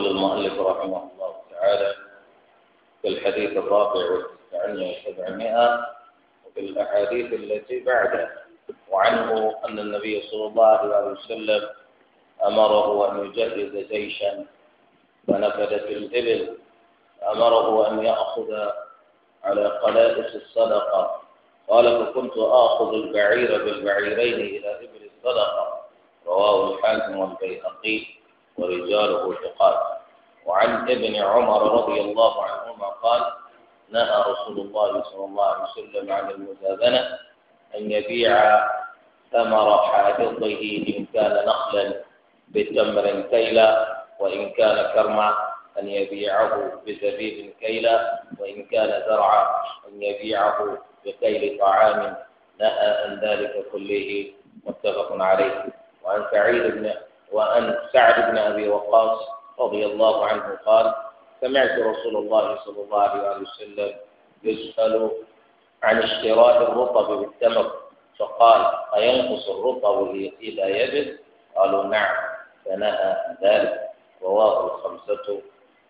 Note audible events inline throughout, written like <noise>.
يقول المؤلف رحمه الله تعالى في الحديث الرابع والتسعين وسبعمائة وفي الأحاديث التي بعده وعنه أن النبي صلى الله عليه وسلم أمره أن يجهز جيشا فنفدت الإبل أمره أن يأخذ على قلائس الصدقة قال فكنت آخذ البعير بالبعيرين إلى إبل الصدقة رواه الحاكم والبيهقي ورجاله ثقات وعن ابن عمر رضي الله عنهما قال نهى رسول الله صلى الله عليه وسلم عن المزابنة أن يبيع ثمر حاجته إن كان نخلا بتمر كيلا وإن كان كرما أن يبيعه بزبيب كيلا وإن كان زرعا أن يبيعه بكيل طعام نهى عن ذلك كله متفق عليه وعن سعيد بن وعن سعد بن أبي وقاص رضي الله عنه قال سمعت رسول الله صلى الله عليه وسلم يسأل عن اشتراء الرطب بالتمر فقال أينقص الرطب إلى يبس قالوا نعم فنهى عن ذلك رواه الخمسة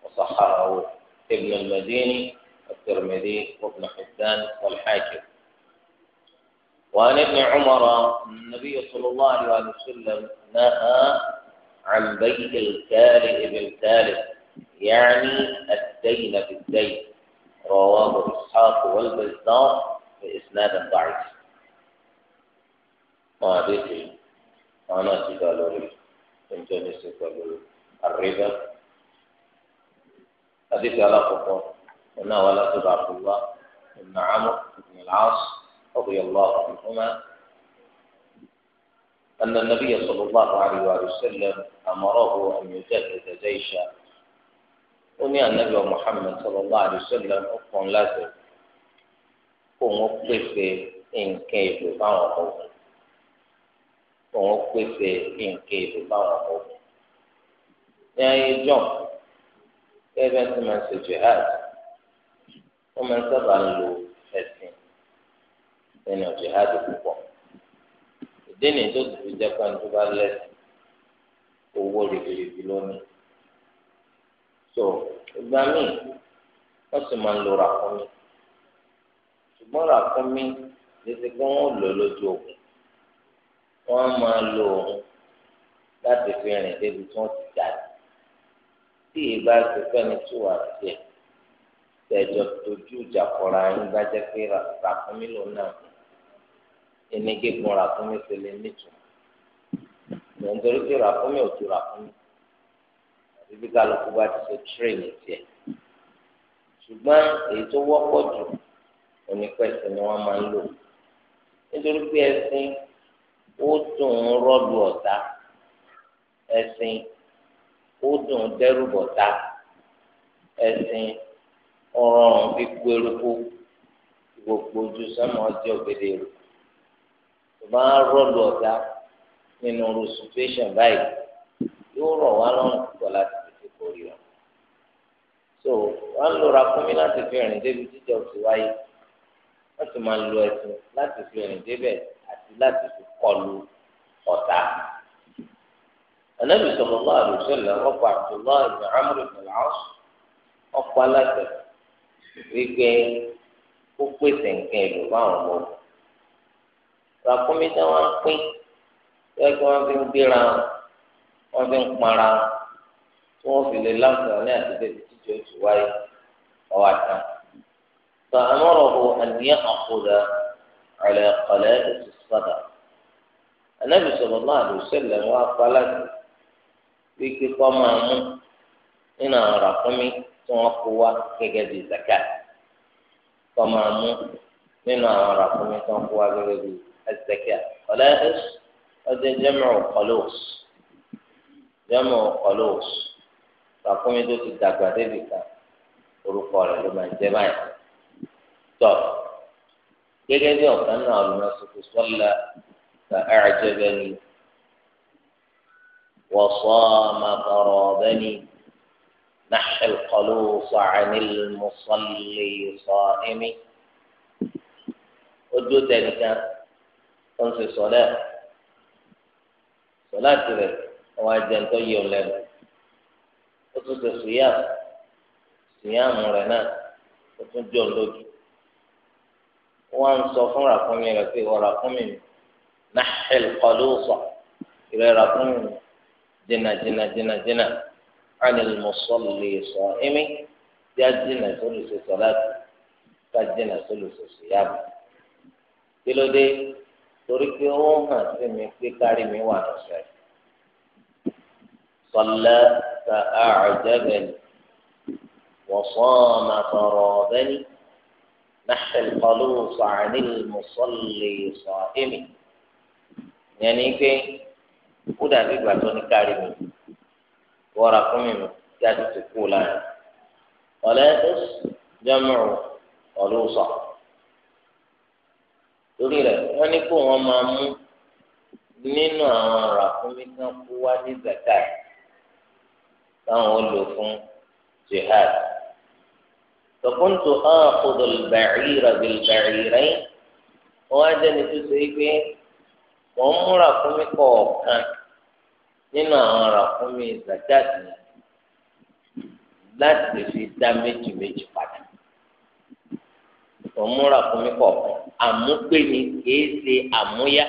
وصححه ابن المديني والترمذي وابن حبان والحاكم وعن ابن عمر النبي صلى الله عليه وسلم نهى عن بيت الكارئ بالكارئ يعني الدين بالدين رواه إسحاق والبزار بإسناد ضعيف ما أدري أنا لي أنت نسيت الربا هذه على قطر هنا ولا عبد الله إن عمرو بن العاص رضي الله عنهما أن النبي صلى الله عليه وسلم أمره أن يجهز جيشا وني النبي محمد صلى الله عليه وسلم أقوم لازم قوم قفة إن كيف فعل قوم قوم إن كيف فعل قوم يعني كيف أنت من سجهاد ومن سبع له من nínú jihad dénì tó ti fi jẹ́ pàǹtí bá lẹ́sìn owó ribiribi lónìí so ìgbà míì wọ́n sì máa ń lo ràkúnmí ṣùgbọ́n ràkúnmí létí pé wọ́n lò lójú òkun wọ́n máa lo òun láti fi rìn débi tí wọ́n ti jáde tí ìbá ti fẹ́ni tó wà tiẹ̀ tẹ̀jọ́ tójú ìjà kọra yín bá jẹ́ pé ràkúnmí lòun náà ẹni gígùn ràkúnmí ṣe lè nítumọ̀ nítorí pé ràkúnmí ò tu ràkúnmí àti bí kálukú bá ti ṣe tírèènì tiẹ̀ ṣùgbọ́n èyí tó wọ́pọ̀ jù onípẹ̀sẹ̀ ni wọ́n máa ń lò nítorí pé ẹṣin ó dùn ún rọ́ọ̀lù ọ̀tá ẹṣin ó dùn ún dẹ́rù bọ̀tá ẹṣin fi gbèrú kó gbogbo ojú sọ́mọ́ ọjọ́ gbèdéró tó bá rọlù ọ̀gá nínú ru situation báyìí yóò rọ̀ wá lọ́rùn púpọ̀ láti tètè borí wọn. so wọ́n ń lora fún mi láti fi rìn débi jíjọ ti wáyé wọ́n sì máa ń lo ẹ̀sìn láti fi rìn débẹ̀ àti láti fi kọlu ọ̀tá. النبي صلى الله عليه وسلم رفع عبد الله بن عمرو بن العاص ọ̀pọ̀ aláṣẹ wípé kó pèsè nǹkan èlò fáwọn ọmọ ogun ràkúnmí tí wọ́n pín ndị tí fi ń gbéra wọ́n fi ń para tí wọ́n fi lè láǹfààní àti bẹ́ẹ̀ jíjọ ti wáyé ọwọ́ àtà. فأمره أن يأخذ على قلائد máa mú nínú àwọn tí kó wá bíi zakat máa mú nínú àwọn الزكاة خلائص هذا جمع خلوص جمع خلوص فقوم يدو تدعك ذلك ورقوا على لما يتبعي طب كيف يدعو أن المسك صلى فأعجبني وصام قرابني نحى القلوص عن المصلي صائمي ودو تلك يعني ó ń ṣe sọlẹ sọlá tirẹ àwọn ajẹntọ yẹ ọ lẹ́nu ó tún ṣe sùyàm sùyàmù rẹ náà ó tún jọ lójú wọn ń sọ fún ràkúnmí rẹ pé wọn ràkúnmí mi nàḥìl kọlùsọ ìrẹ ràkúnmí mi jìnnà jìnnà jìnnà jìnnà mùsọlì sọ ẹmí bí a jìnnà sólù ṣe sọlá ká jìnnà sólù ṣe sùyàmù kí ló dé. torí pé ó hàn sí mi pé kárí mi wà lọ́sẹ̀. صلى فأعجبني وصام فرابني نحى القلوص عن المصلي صائم يعني pe ó dàbí ìgbà tó ní kárí mi wọ́ra fún mi kí a ti tó kú lára ọ̀lẹ́ ẹ̀ tó jẹ́ jẹ́mọ̀rún ọ̀lọ́sọ̀. torí rẹ̀ wọ́n ní kó wọ́n máa mú nínú àwọn ràkúnmí kan kó wá ní zakat táwọn lò fún jihad فكنت آخذ البعير بالبعيرين wọ́n á jẹ́ni tó ṣe é pé mò ń mú ràkúnmí kọ̀ọ̀kan nínú àwọn ràkúnmí zakat láti fi dá méjì méjì padà tó múra fún mi kọ̀ àmúpé ni kìí ṣe àmúyá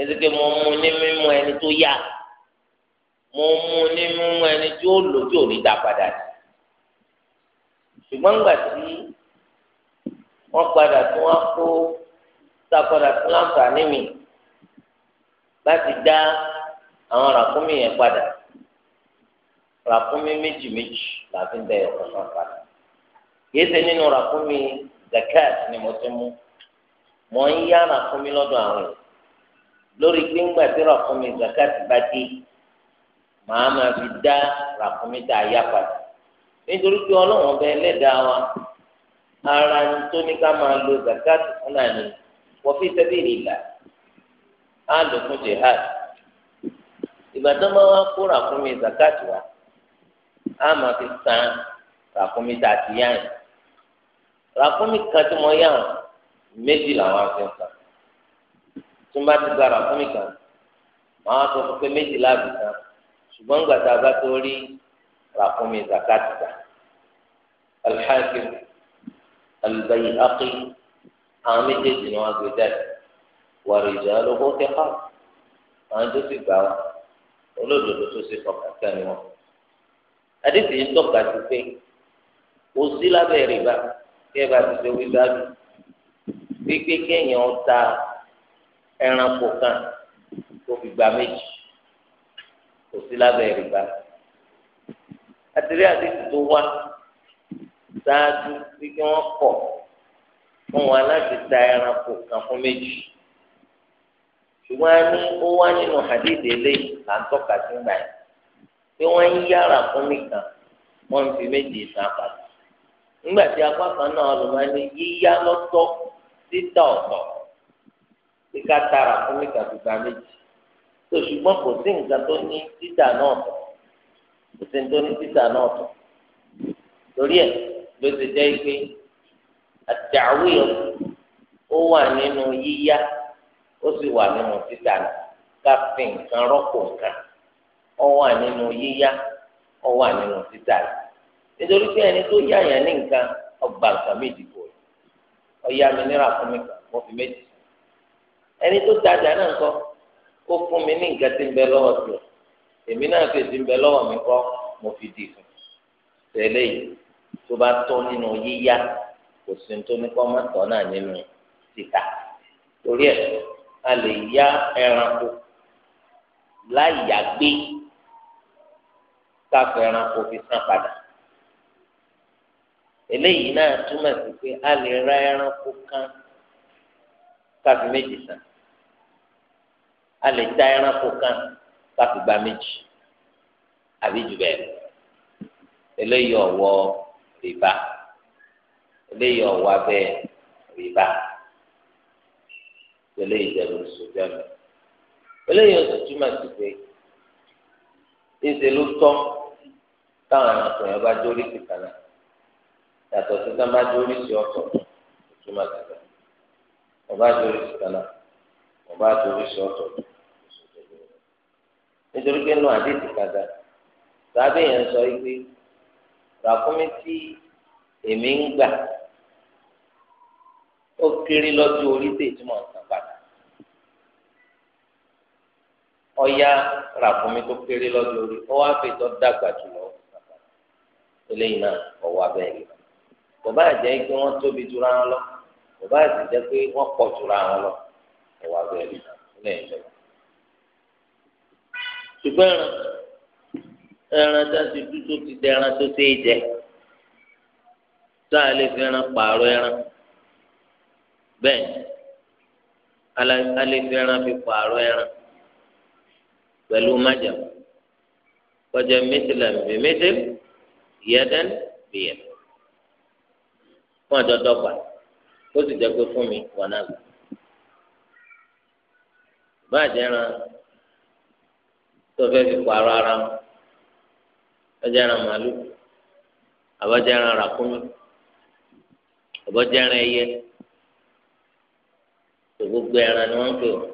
ezeke mo mú ní mímú ẹni tó yá mo mú ní mímú ẹni tí ó lò tí ò ní dá padà sí ṣùgbọ́n gbà tí wọ́n padà tí wọ́n kó tá a padà tí wọ́n fà ní mi láti dá àwọn ràkúnmí yẹn padà ràkúnmí méjì méjì làbí ń bẹ ọ̀kan padà kìí ṣe nínú ràkúnmí zakat ni mo ti mú mo ń yá ràkúnmí lọ́dọ̀ àwọn lórí gbígbà tí ràkúnmí zakat bá dé màá máa fi dá ràkúnmí tá a yá padà nítorí pé ọlọ́run ọba ẹlẹ́dàá wa ara ń tó ní ká máa lo zakat fún náà ni wọ́n fi sabilillah á lò fún jihad ìgbàdàn máa wá kó ràkúnmí zakat wa á máa fi san ràkúnmí tá a ti yá yìí ràkúnmí kan tí mo yá hàn méjì làwọn afi ń kan tí mo bá ti gba ràkúnmí kan màá sọ fún pé méjì láàbì kan ṣùgbọ́n gbàtà bá tó rí ràkúnmí zakati gbà alḥakim albayhaqi àwọn méjèèjì ni wọn gbé jáde wàrìjà lóko kẹfà àwọn tó ti gbà wá olódodo tó ṣe fọkàn tán wọn adéfìyí ń tọ́ka sí pé kò sí lábẹ́ rìbá kí bá ti ṣe wí dájú wípé kéèyàn ta ẹranko kan kó fi gba méjì kò sí lábẹ́ ìrìbá àtìrí àdéhùn tó wá ṣáájú wípé wọ́n kọ̀ fún wa láti ta ẹranko kan fún méjì ṣùgbọ́n a ní ó wá nínú hadith eléyìí là ń tọ́ka sí gbà yẹn pé wọ́n ń yára fún mi kan wọ́n ń fi méjì san pàtó. nígbà tí a kan náà ọlùmọ́ni yíyá lọ́tọ̀ títà kíkà tara fún mi kàtúkà méjì tó ṣùgbọ́n kò sí nǹkan tó ní títà náà tọ̀ kò sí nǹkan tó ní títà náà torí ẹ̀ ló ti jẹ́ pé ó wà nínú yíyá ó sì nítorí pé ẹni tó yá yàn ní nǹkan ọgbà nǹkan méjì kò rí ọyá mi ní ràkúnmí kan mo fi méjì ẹni tó tajà náà ń kọ ó fún mi ní nǹkan tí ń bẹ lọ́wọ́ tiẹ̀ èmi náà fèsì ń bẹ lọ́wọ́ mi kọ́ mo fi dì fún tẹ́lẹ̀ yìí tó bá tọ́ nínú yíyá kò sí tó ní kọ́ mọ́tọ́ náà nínú títà torí ẹ̀ a lè yá ẹranko láyàgbé káfẹ́ ẹranko fi san padà eléyìí náà túmọ̀ sí pé a lè ra ẹranko kan káfí méjì san a lè ta ẹranko kan káfí gba méjì àbí jù bẹ́ẹ̀ lọ eléyìí ọ̀wọ́ rìbá eléyìí ọ̀wọ́ abẹ́ rìbá eléyìí ìjẹ̀bù sójà mi eléyìí oṣù túmọ̀ sí pé ìṣèlú tọ́ táwọn ẹranko yẹn bá dórí kìkànnà yàtọ̀ sí sábà dórí sí ọ̀tọ̀ ìtumọ̀ tẹ̀lé ọba dórí sí kánà ọba dórí sí ọ̀tọ̀ nítorí pé nù àdéhìí kàdà sábẹ́ yẹn sọ pé ràkúnmí tí èmi ń gbà ó kéré lọ́jọ́ orí tè tí mò ń padà ọ̀ya ràkúnmí tó kéré lọ́jọ́ orí ó wá fi tọ́ dàgbà jùlọ eléyìí náà ọwọ́ abẹ́ kò bá jẹ́ pé wọ́n tóbi jura wọn lọ kò bá sì jẹ́ pé wọ́n pọ̀ jura wọn lọ ẹ̀wà bẹ́ẹ̀ ni lẹ́yìn lọ. ṣùgbọ́n ẹran ẹran tá a ti dú tó ti dẹ ẹran tó ṣe é jẹ tá a lè fi ẹran pààrọ̀ ẹran bẹ́ẹ̀ a lè fi ẹran fi pààrọ̀ ẹran pẹ̀lú májàmú kọjá mẹtìlá bíi mẹtìl yẹdẹn fún àjọ dọ́gba ó sì jẹ́ pé fún mi wà náà gbà bàjẹ́ran tó fẹ́ fi pààrọ̀ ara wọn ọjàran màálù àbọ̀jàran ràkúnmí àbọ̀jàran ẹyẹ gbogbo ẹran ni wọ́n ń pè wọ́n.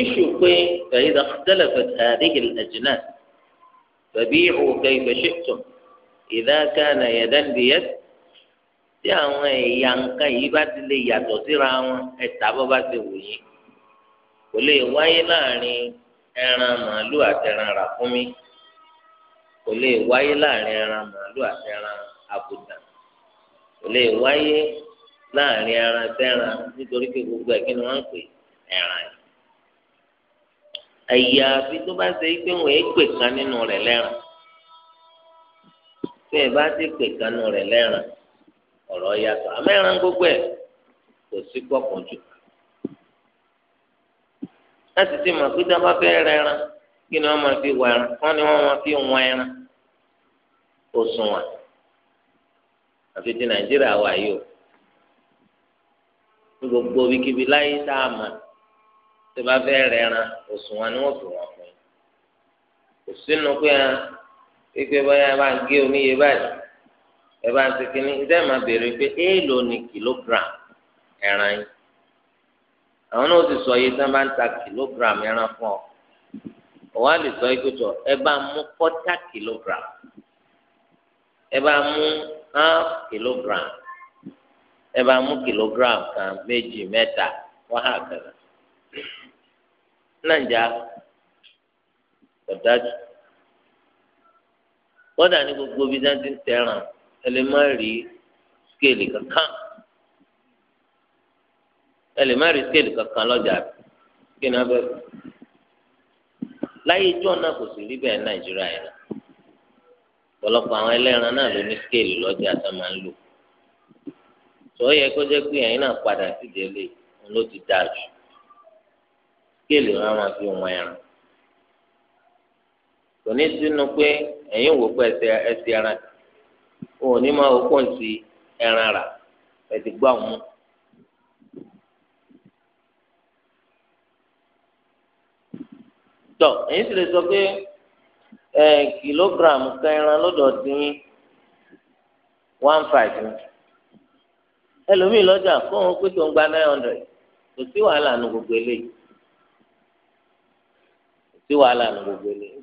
iṣu pé fẹ̀yìntàn tẹ́lẹ̀ fẹ̀ tàdéhìl ẹ̀jìnà fẹ̀bí ìhù kẹ́yìn fẹ̀ ìdákànnà yẹ̀dẹ́ndìyẹ́d tí àwọn ẹ̀yà nǹkan yìí bá ti lè yàtọ̀ síra wọn ẹ̀ta bọ́ bá ti wù yín kò lè wáyé láàrin ẹran màálù àti ẹran ràkúnmí kò lè wáyé láàrin ẹran màálù àti ẹran àbùdá kò lè wáyé láàrin ẹran sẹ́ran nítorí pé gbogbo ẹ̀ kí ni wọ́n ń pè ẹran yìí ẹ̀yà àfi tó bá ṣe é pé wọ́n é pè kan nínú rẹ̀ lẹ́ran pé ẹ bá ti pè kánú rẹ̀ lẹ́ràn ọ̀rọ̀ yàtọ̀ àmẹ́ràn gbogbo ẹ̀ kò sí gbọ́kàn jù láti ti mọ̀ pé dábàá fẹ́ rẹran kí ni wọ́n máa fi wọ ẹran wọ́n ni wọ́n máa fi wọn ẹran òṣùwọ̀n àfi ti nàìjíríà wà yìí o ní gbogbo ibikíbi láyé tá a mọ̀ tó bá fẹ́ rẹran òṣùwọ̀n ni wọ́n fi wọ́n fún un kò sínú pé ikpe bóyá ẹ bá ń gé oníye báyìí ẹ bá ń ṣe ìdá béèrè pé èèlò ni kìlógíràm ẹran yìí àwọn náà ti sọ iye ẹran fún ọ ọwọ́ àlè sọ yìí pẹ̀tọ̀ ẹ bá mú kọ́tà ẹ bá mú half ẹ bá mú kan méjì mẹ́ta kọ́dà ní gbogbo bí dáńtí ń tẹ̀ràn ẹ lè má rí skéèlì kankan ẹ lè má rí skéèlì kankan lọ́jà kí ni wọ́n fẹ́ láyé ijó náà kò sí rí bẹ́ẹ̀ nàìjíríà yẹn ọ̀pọ̀lọpọ̀ àwọn náà ló ní skéèlì lọ́jà tó máa ń lò tó yẹ kó jẹ́ pé ẹ̀yin náà padà sí délé òun ló ti dáa jù skéèlì fi wọn ẹran kò ẹ̀yin wò pé ẹsẹ̀ ẹsẹ̀ ẹran òun ní máa okó ntì ẹran rà ẹ̀sì gbọ́ àwọn mú. tọ ẹ̀yin sì lè sọ pé ẹ kìlógíráàmù kan ẹran lọ́dọ̀ dín one five ni ẹlòmíì lọ́jà kó òun pé tó ń gba nine hundred kò sí wàhálà nu gbogbo eléyìí kò sí wàhálà nu gbogbo eléyìí.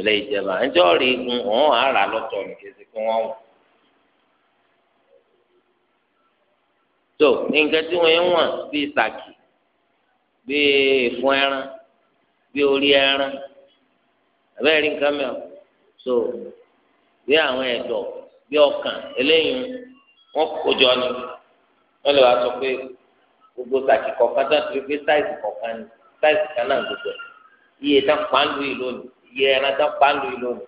ilé ìjẹba ẹjọ́ rí igun òun àrà lọ́tọ̀ nìkejì kí wọ́n wọ̀. tó nǹkan tí wọ́n ń wọ̀n bíi sàkì bíi ìfun ẹran bíi orí ẹran abẹ́rẹ́ nǹkan mẹ́ọ̀ so bíi àwọn ẹ̀dọ̀ bíi ọkàn eléyìí wọ́n kó jọ ni wọ́n lè wá sọ pé gbogbo sàkì kọ̀ọ̀kan tó ń pè pé sáìsì kọ̀ọ̀kan ni sáìsì kan náà gbogbo ẹ̀ iye tá a pa ń lu ìlú ni iye ẹran tán pàǹdù yìí lónìí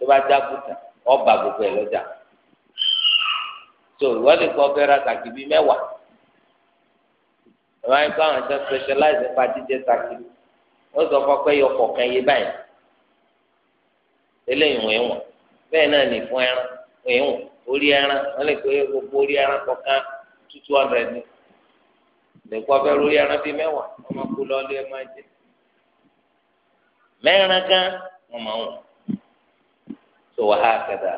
tó bá jágùtà ọba gbogbo ẹ lọ́jà so ìwọ lè kọ fẹ́ ra kàkí bíi mẹ́wàá ìwọ ayé kó àwọn ẹ̀sán specialize nípa jíjẹ sàkí ó sọ fún ọpẹ́ yọ kọ̀ọ̀kan yé báyìí eléyìí wọ̀nyí wọ̀n bẹ́ẹ̀ náà ní fún ẹran wọ̀nyí wọ̀n orí ẹran wọ́n lè pé gbogbo orí ẹran kọ̀ọ̀kan two hundred ní lè kọ́ fẹ́ lórí ẹran bíi mẹ́wàá ọmọ kú lọ́ọ́lé ẹ máa jẹ mẹ́rin gan wọ́n máa ń wọ̀ tó wà á kẹta.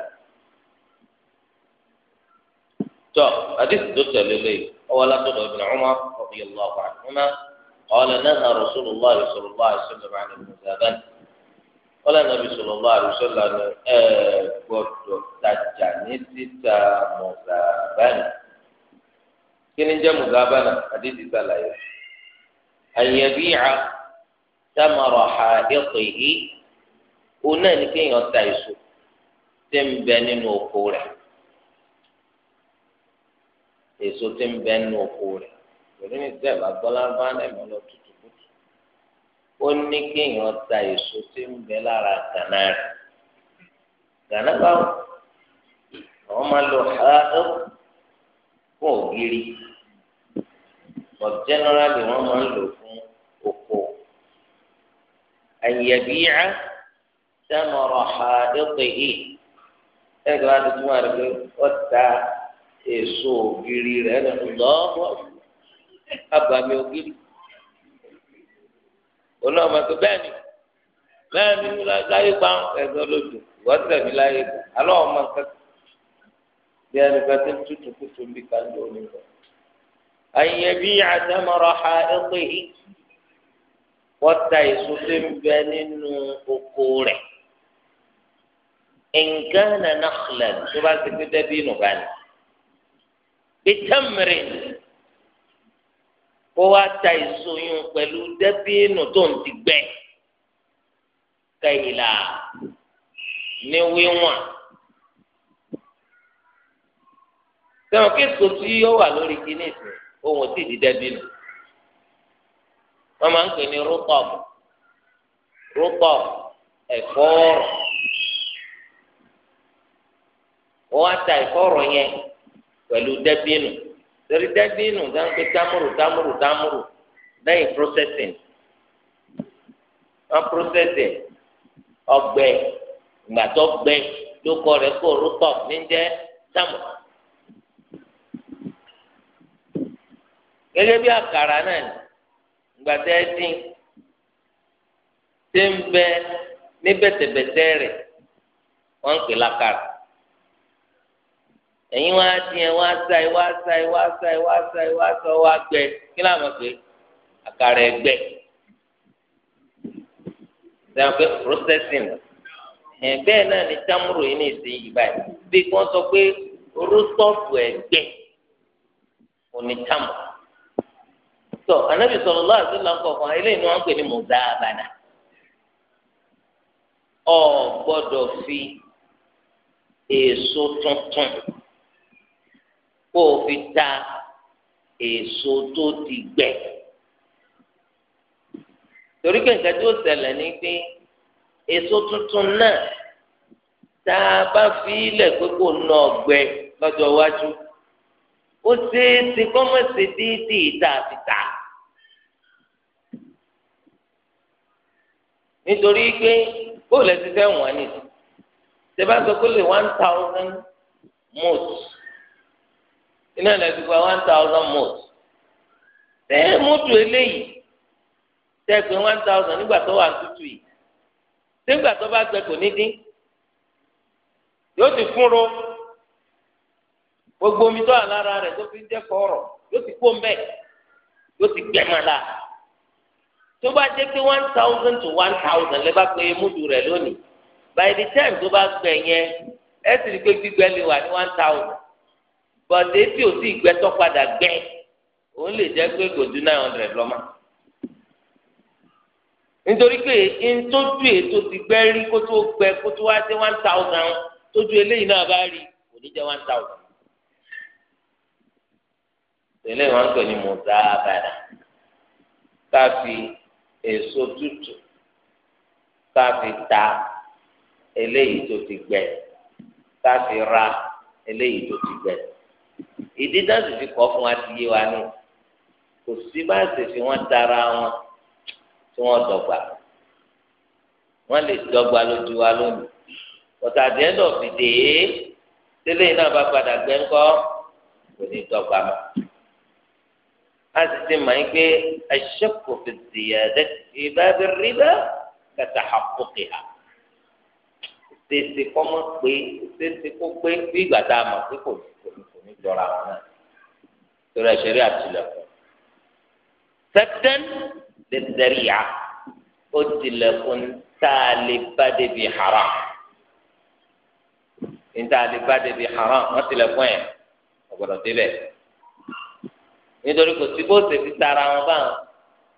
tó àdìsí tó tẹ̀lé lé ọwọ́ látọ̀dọ̀ ibn Umar radiyallahu anhuma qala naha rasulullah sallallahu alaihi wasallam àti mùsàlùmá wọ́lá nàbí sallallahu alaihi wasallam ẹ gbọ́dọ̀ tajà ní títa mùsàbánà kí ni jẹ́ mùsàbánà àdìsí sàlàyé àyẹ̀bíyà tamara ha'iqihi òun náà ní kéèyàn ta èso tí ń bẹ nínú oko rẹ̀ èso tí ń bẹ nínú oko rẹ̀ pẹ̀lú ní sẹ́ẹ̀ bá gbọ́ lárúbá náà mọ́ lọ tutù kutù ó ní kéèyàn ta èso tí ń bẹ lára gànà rẹ̀ gànà báwo àwọn máa lo ha'iq fún ògiri but generally wọ́n máa ń lò أن يبيع ثمر حائطه هذا هذا تمارك وتا إيسو جيري رأنا الله أبا ميوكيل ولا ما تباني ما من لا يبان هذا لوجو وتا لا يبان الله ما بأن كتن تتكتن بكالدوني أن يبيع ثمر حائطه wọ́n ta èso tó ń bẹ nínú oko rẹ̀ nǹkan nana xlẹ̀ tó bá ti fi dẹ́bí nù bá bitamiri kó wá ta èso yún pẹ̀lú dẹ́bí nù tó ń ti gbẹ kẹyìlá ní wíwọ̀n sẹ́wọ̀n kí èso tí yóò wà lórí kìíní ìsìn ohun tí ì di dẹ́bí nù. wọn máa ń pè ní rúpọp rúpọp ẹfọọrọ wọn wá ta ẹfọọrọ yẹn pẹ̀lú dẹbínú torí dẹbínú dáhùn pé dámúrù dámúrù dámúrù lẹ́yìn processing wọn processing ọgbẹ ìgbàtọ gbẹ lókọ rẹ kó rúpọp ní jẹ dámúrù. gẹ́gẹ́ bí àkàrà náà ni. gbàtẹ dín tí ń bẹ ní bẹtẹbẹtẹ rẹ wọn ń pè lákàrà ẹ̀yin wá dín wá sa wá wá wá wá wá gbẹ kí pè ẹgbẹ processing tọ anabi sọlọ lọ àti lọ kọkàn eléyìí ni wọn ń pè ní mùsàbàdà ọ gbọ́dọ̀ fi èso tuntun kó o fi ta èso tó ti gbẹ torí pé nǹkan tí ó ṣẹlẹ̀ ni pé èso tuntun náà tá a bá fi ilẹ̀ pé kò ná ọgbẹ lọ́jọ́ iwájú ó ṣeé ṣe kọ́mọ̀sí dídì tá a fi nítorí pé bóòlù ẹ ti fẹ́ wọ́n ni tẹ́bá sọ pé lè one thousand mot iná ẹ̀ ti one thousand mot tẹ́ mọ́tò eléyìí tẹ́ pé one thousand nígbà tó wà tútù yìí nígbà tó bá gbẹ kò ní dín yóò ti fúnro gbogbo omi tó wà lára tó fi ń la. tó bá jẹ́ pé one thousand to one thousand lè bá pé múdù rẹ̀ lónìí by the time tó bá gbẹ yẹn ẹ sì rí pé gbígbẹ lè wà ní one thousand but etí ò sí ìgbẹ́ tó padà gbẹ òun lè jẹ́ pé kò ju nine hundred lọ́mọ. nítorí pé ntójú ètò ti gbẹ́ rí kó tó gbẹ kó tó wá sí one thousand tójú eléyìí náà bá rí kò ní jẹ́ one thousand. tẹ̀lé wọn pè ní mùsàbàdà káfí èso tútù ká fi ta eléyìí tó ti gbẹ ká fi ra eléyìí tó ti gbẹ ìdí dáàbò fi kọ́ fún wa ti yé wa ní kò sí bá ṣe fi wọ́n tara wọn tí wọ́n dọ̀gba wọ́n lè dọ́gba lójú wa lónìí ọ̀tà àdéhùn ọ̀fìdè tẹ́lẹ̀ náà bá padà gbẹ́ kò ní dọ́gba mọ́ a sì ti mọ̀ pé aṣọ́kò fi ziyada ìbábi rìbá kàtà àkókè ha ṣèṣe kọ́ mọ̀ pé ṣèṣe kó pé bí ìgbà tá a mọ̀ pé kò ní jọra wọn náà torí ẹ̀ṣẹ̀rí àtìlẹ̀kùn sẹ́tẹ́n lè tẹ̀rí ya ó tilẹ̀kùn tá a lè bá haram ní tá a lè bá débi nítorí kò sí bó ṣe ti tara wọn bá wọn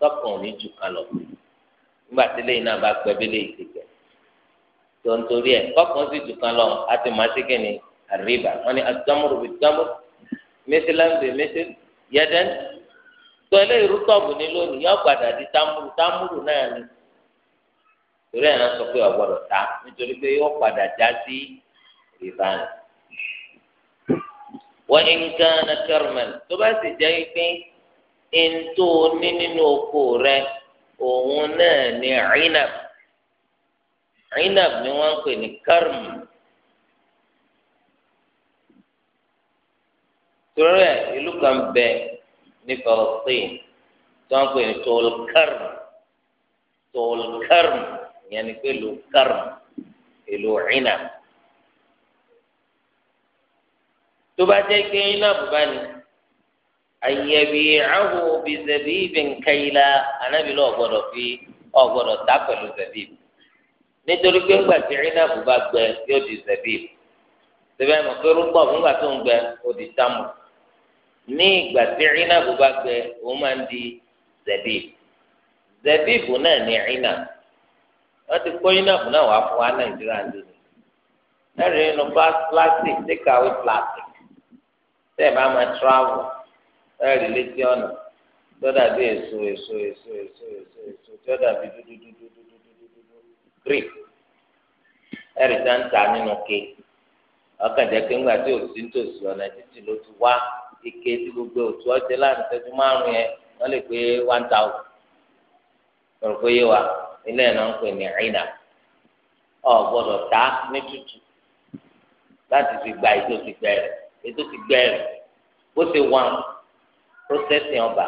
tọkàn òní jù kan lọ nígbà tí lẹ́yìn náà bá gbẹ bí lẹ́yìn ti gbẹ tó ń torí ẹ kọkàn sì jù kan lọ àti màtíkì ni àríbà wọn ni àdámúrò bí dámúrò mẹsìlámbè mẹsìl yẹdẹn tó eléyìí rútọọbù ní lónìí yọ gbàdá di támúrò támúrò náà ni torí ẹ̀ náà sọ pé ọ̀gbọ́dọ̀ ta nítorí pé yóò padà já sí rìbá nìyí. وإن كان كرما tó bá sì jẹ́ pé ntó ní nínú oko rẹ òun náà ní inab inab ni wọ́n ń pè ní karm torí ẹ̀ ìlú kan bẹ ní Palestine tó ń pè ní tolkarm tolkarm ìyẹn ni pé lu karm ìlú inab. tó bá jẹ́ pé iná bùbá ni àyẹ̀bí ahu bí zẹ̀bí bẹ̀ǹkẹ́yìlá anábì lọ́ọ̀ gbọ́dọ̀ fi ọ̀ gbọ́dọ̀ ta pẹ̀lú zẹ̀bí nítorí pé ńgbà tí iná yóò di zẹ̀bí sẹ́fẹ̀ mọ̀ pé tó ń di ní ìgbà tí máa ń di náà ní ti tẹ́ ẹ̀ bá máa tíráàbù ẹ̀rì létí ọ̀nà jọ́dà bí èso èso èso èso èso èso jọ́dà bí dúdúdúdúdúdúdúdú grip ẹ̀rì tá ń ta nínú ke ọkàn jẹ́ pé ńgbà tí ò sí nítòsí ti wá ike tí gbogbo òtún ọjẹ́ láàrin ìṣẹ́jú márùn-ún yẹn wọ́n lè pé one thousand lọ́rọ̀ yé wa ilé ẹ̀ náà ń pè ní ọ̀ gbọ́dọ̀ ta ní láti ètò ti gbẹrẹ bó ṣe wà prọsẹsì ọba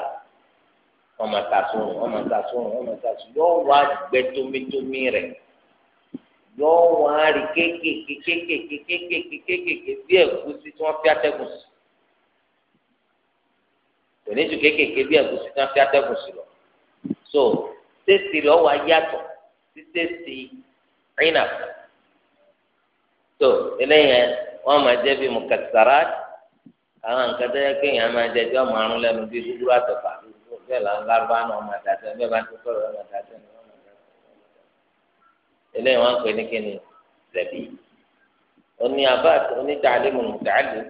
ọmọ tasùn ọmọ tasùn ọmọ tasùn yóò wá gbẹ tómitómi rẹ yóò wá rí kéékèèké kéékèèké kéékèèké kéékèèké bí ẹ̀gúsí tí wọ́n fi atẹ́gùn sí tòníjù kéékèèké bí ẹ̀gúsí tí wọ́n fi atẹ́gùn sí lọ so tẹsí rẹ ọwọ ayàtọ̀ sí tẹsí rìnà so eléyẹn wọn máa jẹ bíi mùkàtàrà àwọn nǹkan tó yẹ kéèyàn máa jẹ jọ márùn lẹ́nu bíi dúdú àtọfà bẹ́ẹ̀ là ń lárúbá náà máa dàtẹ bẹ́ẹ̀ bá ti sọ̀rọ̀ máa dàtẹ ní wọn máa dàtẹ. eléyìí wọn ń pè ní kíni zẹbi oní abá onídàálẹ́mù mùtàálù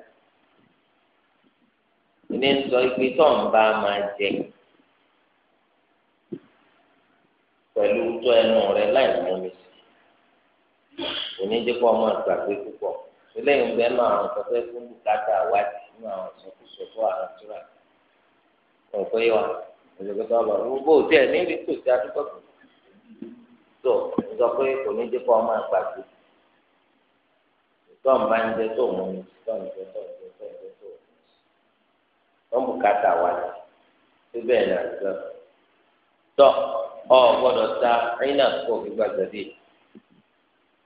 ní sọ ibi tó ń bá máa jẹ pẹ̀lú tó ẹnu rẹ láì mú mi sí onídìpọ̀ máa gbàgbé púpọ̀. eléyìí ń bẹ nínú àwọn nǹkan tó fún bùkátà wájú nínú àwọn ìsọkúsọ fún àwọn ìtura ọ̀pọ̀ yìí wà ìsọkúsọ gbogbo òtí ẹ̀ níbi tó ti adúgbò tó sọ pé kò ní dé ọmọ àgbàdo tó ń bá ń jẹ tó mú mi tó ń jẹ tó ń jẹ tó ń jẹ tó ń bùkátà wájú ní àdúgbò tó ọ gbọ́dọ̀ ta ẹ̀yìn náà kó o fi gbàgbọ́ dé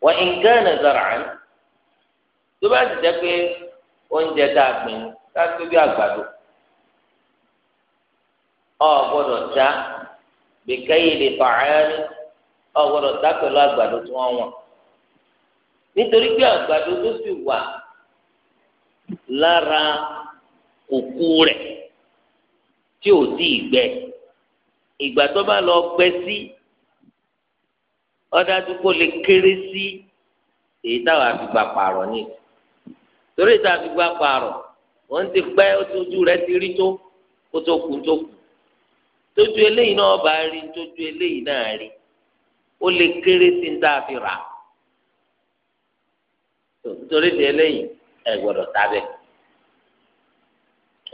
wọ́n ń gánà àná. tó bá sì jẹ́ pé oúnjẹ tá a gbìn ká gbé bí àgbàdo ọ gbọ́dọ̀ dá gbèkẹyì lè fà á ní ọ gbọ́dọ̀ dá pẹ̀lú àgbàdo tí wọ́n wọ̀n nítorí pé àgbàdo tó sì wà lára òkú rẹ̀ tí ò tí ì ìgbà tó bá lọ gbẹ sí ọdájú kó lè kéré sí èyí táwa fi gbà pààrọ̀ ní torí ìta fi gba pààrọ̀ wọ́n ti pẹ́ ojú rẹ̀ ti rí tó kó tó kù tó kú tójú eléyìí náà bá rí tójú eléyìí náà rí ó lè kéré sí ní tá a fi rà torí ti eléyìí ẹ gbọ́dọ̀ tábẹ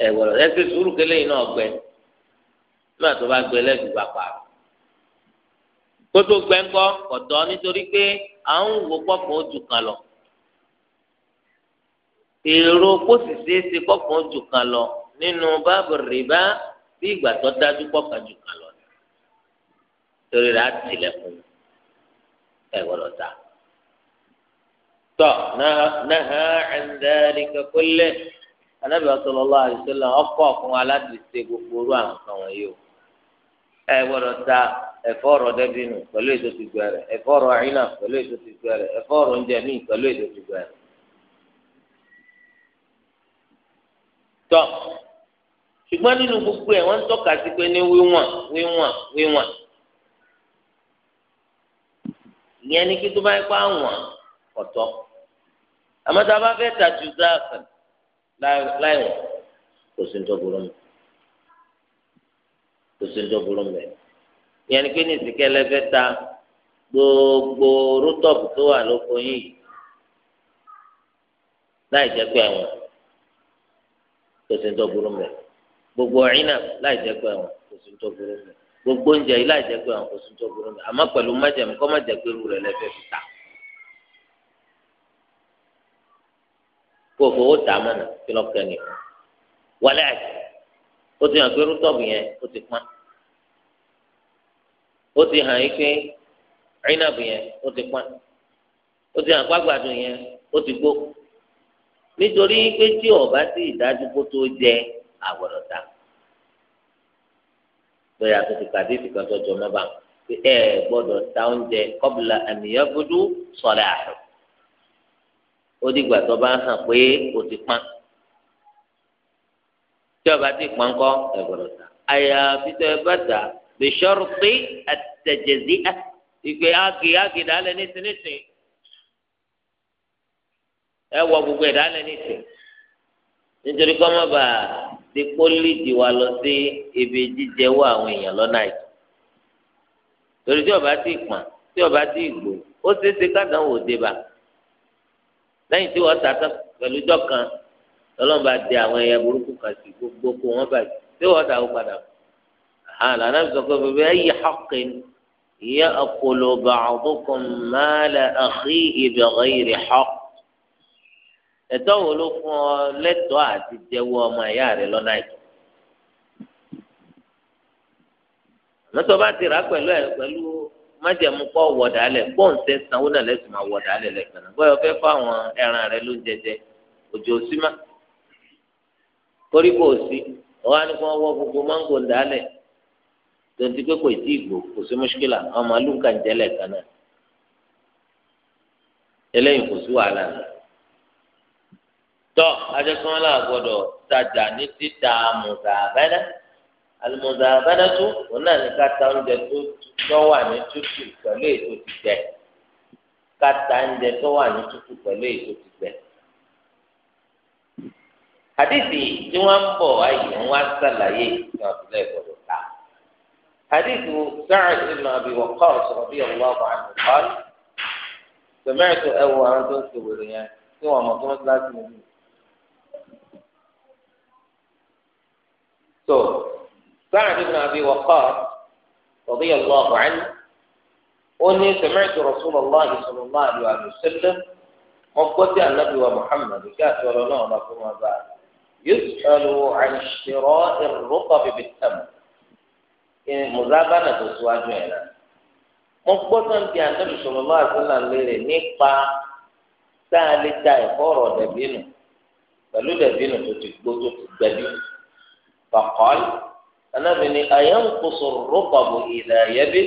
ẹ gbọ́dọ̀ ẹ ti sùúrù kéléyìí náà gbẹ nígbà tó bá gbẹ lẹbi gba pààrọ̀ kótó gbẹ ńkọ kọtọ nítorí pé à ń wò pọpọ ojú kan lọ. èrò kó sì ṣeé ṣe kọkàn jù kan lọ nínú báàbò rìbá bí ìgbà tó dájú kọkàn jù kan lọ torí rà á tilẹ̀kùn ẹ gbọ́dọ̀ ta náà ọkọ gbogbo orú àwọn kan wọ̀nyí o ẹ gbọ́dọ̀ ta ẹ̀fọ́ ọ̀rọ̀ pẹ̀lú èso ti ẹ̀fọ́ tọ ṣùgbọ́n nínú gbogbo ẹ̀ wọ́n ń tọ́ka sí pé ní wíwọ̀n wíwọ̀n wíwọ̀n ìyẹn ni kí tó bá yẹ kó àwọn ọ̀tọ̀ àmọ́ tá a bá fẹ́ tàjú záàkàn láìwọ̀n kò sí ní tó burú mi kò sí ní tó burú mi ìyẹn ni pé ní ìsìnkẹ́ lẹ́fẹ́ ta gbogbo rútọ̀pù tó wà lóko yìí láì jẹ́ pé ẹ̀wọ̀n. kò sí tó gbogbo ọ̀rìnà láì jẹ́ pé ẹ̀wọ̀n kò tó burú gbogbo oúnjẹ yìí láì jẹ́ pé tó burú àmọ́ pẹ̀lú kọ́ pé irú rẹ̀ lẹ́fẹ̀ẹ́ fi ta kó fowó tà kí lọ́ọ́ ó ti hàn pé yẹn ó ti pọ́n ó nítorí pé tí ọba sí ìdájú kó tó jẹ àgbọ̀dọ̀ ta lọ́yà tó ti pàdé ìfìkan tó jọmọ́ bá pé ẹ gbọ́dọ̀ ta oúnjẹ kọ́bùlà àníyàn gbódú sọ̀rọ̀ àrùn ó dìgbà tó bá hàn pé o ti pọ́n tí ọba ti pọ́n kọ́ ẹ gbọ́dọ̀ ta àyàfi tó ẹ bá ta pé àtẹ̀jẹ̀sí ìgbé ági ági dálẹ̀ nísìnyìí ẹ wọ gbogbo ẹ̀dá lẹ nìsín nítorí kọ́ mọ́ bá ti pólíìdì wa lọ sí ibi jíjẹ́wọ́ àwọn èèyàn lọ́nà àìsàn torí tí ọba ti pọ̀n tí ọba ti gbò ó ṣeéṣe káàdán wò dé bá lẹ́yìn tí wọ́n tàtà pẹ̀lú jọ́ kan lọ́lọ́mọba dé àwọn ẹ̀yà burúkú kan sí gbogbo kó wọ́n bàjẹ́ tí wọ́n tà ó padà bọ̀ àhàlà sọ pé bẹ́ẹ̀ ayé haqqin ya'kulu ba'dukum mala akhihi bighayri haqq. ẹ̀tọ́ wo ló fún ọ lẹ́tọ̀ọ́ àti jẹwọ ọmọ ìyá rẹ lọ́nà àìtọ́ mọ́tò bá ti rà pẹ̀lú ẹ̀ pẹ̀lú májẹ̀mú kọ́ wọ̀dà bọ́ọ̀n tẹ sanwó náà lẹ́sùn máa wọ̀dà alẹ̀ lẹ́kàn náà fẹ́ ẹran ló ń jẹjẹ òjò koríko wọ́ gbogbo ń tọ́ adékun aláàgbọ́dọ̀ tajà ní títa mùsàbẹ́dẹ́ àlùmùsàbẹ́dẹ́ tó òun náà ní káta oúnjẹ tó tó wà ní tútù pẹ̀lú ètò ti gbẹ káta oúnjẹ tó wà ní tútù pẹ̀lú ètò ti gbẹ. hadithi tí wọ́n ń bọ̀ ayé wọn á sàlàyé ìtàn àbúlé ìgbọ́dọ̀ ta. حديث سعد بن ابي وقاص رضي الله عنه قال سمعت اول ان تنسوا يعني سوى مطمئن لازم tó Sa'd ibn Abi Waqqas radiyallahu anhu ó ní sami'tu Rasulullah sallallahu alaihi wa sallam wọ́n gbọ́ sí anabi wa Muhammad kí àti ọ̀rọ̀ náà lọ fún wọn bá yus'alu 'an shira'i ar-rutab bit-tamr mùsàbánà tó síwájú ẹ̀ náà wọ́n gbọ́ sọ́ǹdì anabi sallallahu alaihi wa nípa tá lè ta ẹ̀fọ́ ọ̀rọ̀ dẹ̀bínú pẹ̀lú dẹ̀bínú tó ti gbó tó ti gbẹ́bí fàkọ́l anábìíní àyànkoso rọ́pàbò ìlà yẹ́bí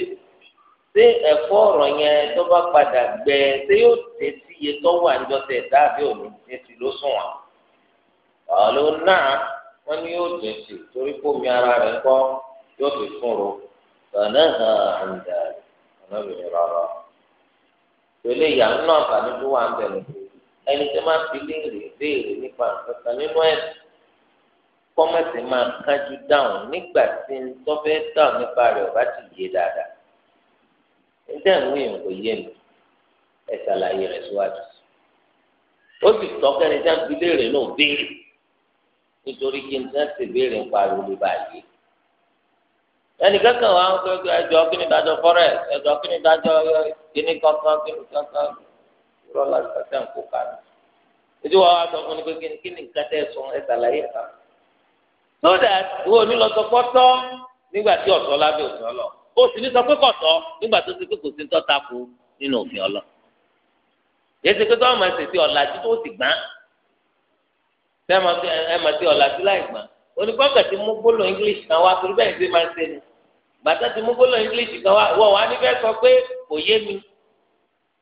ṣé ẹ̀fọ́ ọ̀rọ̀ yẹn tó bá padà gbẹ ṣé yóò tẹ̀sí iye tó wà níjọ́sẹ̀ dáàbí òní tẹ̀sí ló sùn wà. ọ̀lọ́ náà wọ́n ní yóò tẹ̀sí torí kó mi ara rẹ̀ kọ́ yóò fi fún ro bàánà hàn àǹdà anábìíní rárá. tòlẹ́ ìyá náà kàní tó wà ń bẹ̀rẹ̀ ẹni tó máa fi léèrè léèrè nípa kankan nínú ẹ̀sìn kọ́mọ̀sì máa kánjú dáhùn nígbà tí ń tọ́fẹ́ dáhùn nípa rẹ̀ ọ̀bá ti yé dáadáa níta ìwé yẹn kò yé mi ẹ ṣàlàyé rẹ̀ síwájú ó sì tọ́kẹ́ni tá a fi léèrè náà béèrè nítorí kí n tá a ti béèrè ń pariwo lè bá yé ẹnì kankan wà ń kọ́ ẹjọ́ kí ni dájọ́ forest ẹjọ́ kí ni dájọ́ kíní kankan kíní kankan rọ́lá sàtẹ̀ ń kó kàdé ètò wà wá sọ fún mi pé kí ni kí ni nǹkan tẹ̀ sùn ẹ̀ ṣàlàyé kan so that wo ni lọ sọpọ tọ nígbà tí ọtọ lábẹ́ òfin ọlọ o sì ní sọ pé kọtọ nígbà tó ti pé kò sí ń tọ́ta kú nínú òfin ọlọ yẹsẹ pé tọ́wọ́n máa ṣètì ọ̀làjú tó ti gbà ẹ máa ti ọ̀làjú láì gbà onígbàgbà ti mú gbólò english kan wá torí bẹ́ẹ̀ ṣe máa ń ṣe ni bàtà ti mú gbólò english kan wá wọ́n wá nífẹ̀ẹ́ sọ pé kò yé mi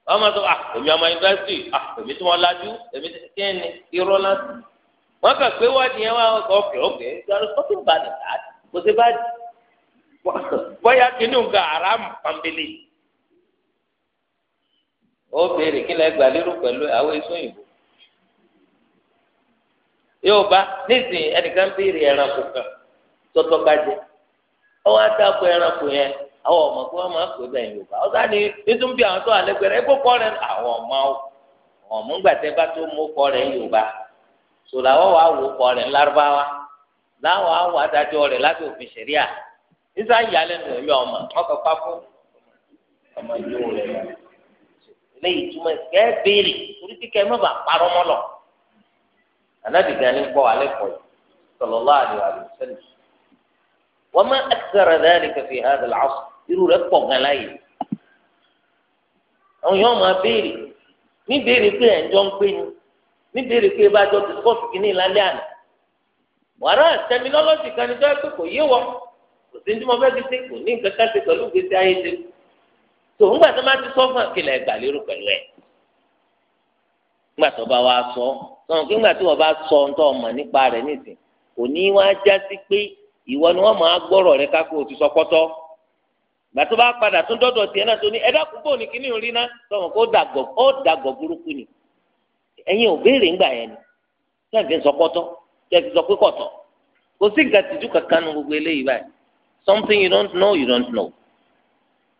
wọ́n máa sọ ah èmi ọmọ yunifásitì ah èmi tí wọ́n làjú èmi kí ni irọ́ lásìkò. wọn kà pé wádìí yẹn wọn ọkẹ ọkẹ ìjọba sọtún balẹ̀ láti kò sí bá nǹkan ó béèrè kí gbà lérò àwọn èso yóò bá ẹnìkan béèrè ẹranko kan jẹ àtàkù ẹranko yẹn àwọn ọmọ kí máa pè yorùbá ni nítorí bí àwọn tó àwọn ọmọ ọmọ sòlá wọn wà wò kọ rẹ̀ ńlárúbáwá láwọn àwọn adájọ́ rẹ̀ láti òfin ṣẹ̀ríà nígbà ìyàlẹ́nu ẹ̀mí ọmọ wọn kọ pa fún ọmọ yòó rẹ̀ léyìí túmọ̀ kẹ́ béèrè kíkẹ́ parọ́ alẹ́ ma irú rẹ̀ pọ̀ níbèrè pé bá jọ dìskọ́sì kìíní lálẹ́ àná wàrà tẹminọ́lọ́jì kan ní dọ́yẹ́ pé kò yé wọ kò sí ní mo fẹ́ kò ní nǹkan pẹ̀lú gbèsè ayé wa sọ kí ńgbà tí wọ́n bá sọ ń tọ́ ọmọ nípa rẹ̀ kò ní wá já sí pé ìwọ ni wọ́n máa gbọ́rọ̀ rẹ òtún sọ pọ́tọ́ tó bá padà tó dọ́dọ̀ tiẹ̀ ẹ̀yin ò béèrè ńgbà yẹn ni tẹ́ẹ̀fì sọ pọ́tọ́ tẹ́ẹ̀fì sọ pé kọ̀tọ̀ kò sí nǹkan tìjú kankan nu gbogbo eléyìí báyìí something you don't know you don't know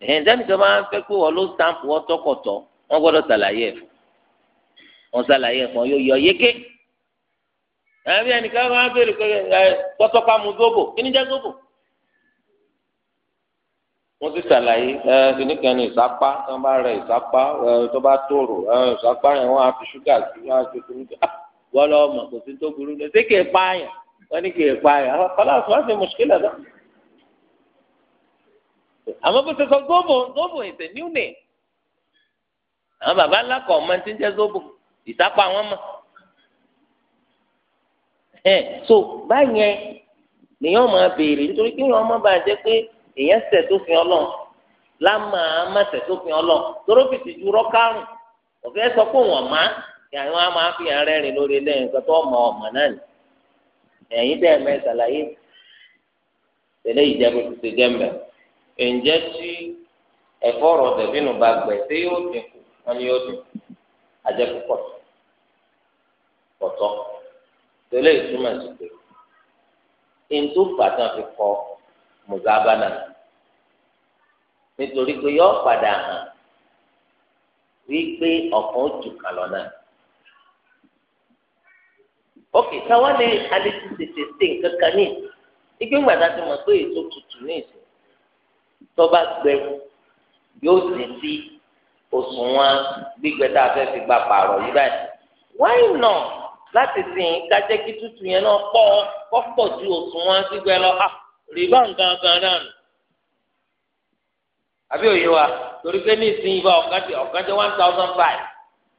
ẹ̀hìn sẹ́ni tó máa ń fẹ́ pé wọ́n ló stamp wọ́n tọkọ̀tọ̀ wọ́n gbọ́dọ̀ ṣàlàyé ẹ̀ fún wọn ṣàlàyé ẹ̀ fún ọ yóò yọ yéké ẹ̀mí ẹnìkan máa ń béèrè pé tọ́tọ́ ká mu zobo kí ni jẹ́ zobo wọ́n ti ṣàlàyé ẹ kìnnìkan ní ìsápá tí wọ́n bá rẹ ìsápá ẹ tó bá tòrò ẹ ìsápá yẹn wọ́n á fi ṣúgà sí wọ́n á fi kìnnìkan ah, wọ́n lọ mọ̀ kò sí tó burú lọ sí kì í pààyàn wọ́n ní kì í pààyàn àwọn kọ́lá wọ́n ti mùṣkílà dá. àmọ́ bó ṣe sọ zobo zobo is new name àwọn baba ńlá kan ọmọ ti ń jẹ́ zobo ìsápá wọn mọ̀ ẹ̀ so báyẹn lèyàn máa béèrè nítorí kí èèyàn ṣẹ̀ tó fi ọlọ́run lámà á má ṣẹ̀ tó fi ọlọ́run tóró fi ti ju rọ́kàrùn ọ̀fẹ́ sọ pé má kí fi hàn rẹ́rìn lórí lẹ́yìn nǹkan ọmọ ọmọ náà ni ẹ̀yin dẹ́ mẹ́ ṣàlàyé tẹ̀lé ìjẹ́bù ti ṣe jẹ́ mẹ́ tí ẹ̀fọ́ ọ̀rọ̀ tẹ̀bínú bá gbẹ̀ ṣé yóò wọn ni yóò nítorí pé yọ padà hàn wípé ọ̀kan ó jù kàn lọ́nà. ókè táwa lè alẹ́ ti tètè ṣe nǹkan kan ní ìgbé gbàdá ti mọ̀ pé èso tutù ní ìsìn tó bá yóò sì sí òṣùwọ̀n gbígbẹ tá a fẹ́ fi gba pààrọ̀ yìí báyìí. why not láti sìn kájẹ́ kí tútù yẹn náà pọ̀ pọ̀ ju òṣùwọ̀n gbígbẹ lọ. Ah, rìbá nǹkan kan náà nù àbí òye wa torí pé ní ìsìn ibà ọ̀kan jẹ́ ọ̀kan jẹ́ one thousand five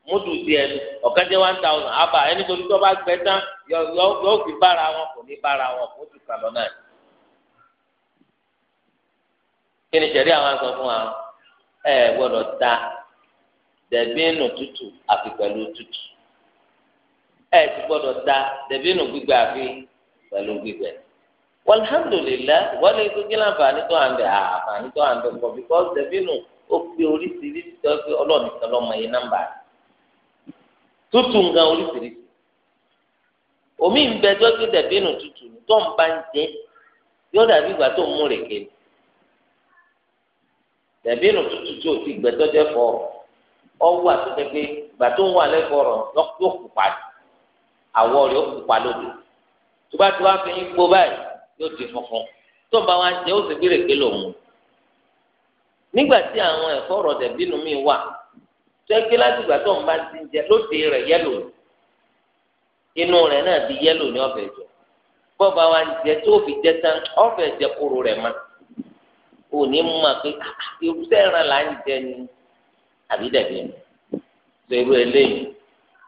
múdù sí ẹnu ọ̀kan jẹ́ one thousand àbá ẹni torí tó bá gbẹ tán yóò fi bára wọn kò ní bára wọn kò tù kàlọ́ náà. kí ni sẹ̀rí àwọn sọ fún wa ẹ gbọ́dọ̀ ta dẹ̀bínù tútù àfi pẹ̀lú tútù ẹ ti gbọ́dọ̀ ta dẹ̀bínù gbígbẹ àfi pẹ̀lú gbígbẹ alhamdulilayi wọ́n lè tó kí láǹfààní tó à ń bẹ̀ ah, àǹfààní tó à ń bẹ̀ pọ̀ because dẹ̀bínú ó pe oríṣiríṣi tó fi ọlọ́ọ̀nì kan lọ́mọ yẹn nọ́mbà tútù nǹkan oríṣiríṣi omi ń bẹ tó kí dẹ̀bínú tútù tó ń bá ń jẹ yóò dàbí ìgbà tó ń mú rèké dẹ̀bínú tútù tó ti gbẹtọ́jẹ́ fọ ọwọ́ àtúntẹ́ pé ìgbà tó ń wà lẹ́fọ̀ọ́rọ̀ yóò kú pa àwọ̀ rẹ̀ ó kú pa lóde tó bá ti wá fi ń gbó báyìí yóò di funfun tó bá wá jẹ ó sì bí rèké lòun nígbà tí àwọn ẹ̀fọ́ ọ̀rọ̀ dẹ̀bínú mi wà tẹ́kí láti ìgbà tó ń bá ti ń jẹ lóde rẹ̀ yẹ́lò inú rẹ̀ náà di yẹ́lò ní ọ̀fẹ́ jọ bọ́ bá wa jẹ tó fi jẹ tán ọ̀fẹ́ jẹ kóró rẹ̀ ma ò ní mú ma pé ah, ah, irúfẹ́ ẹran là ń jẹ ni àbí dẹ̀bí ni tó irú eléyìí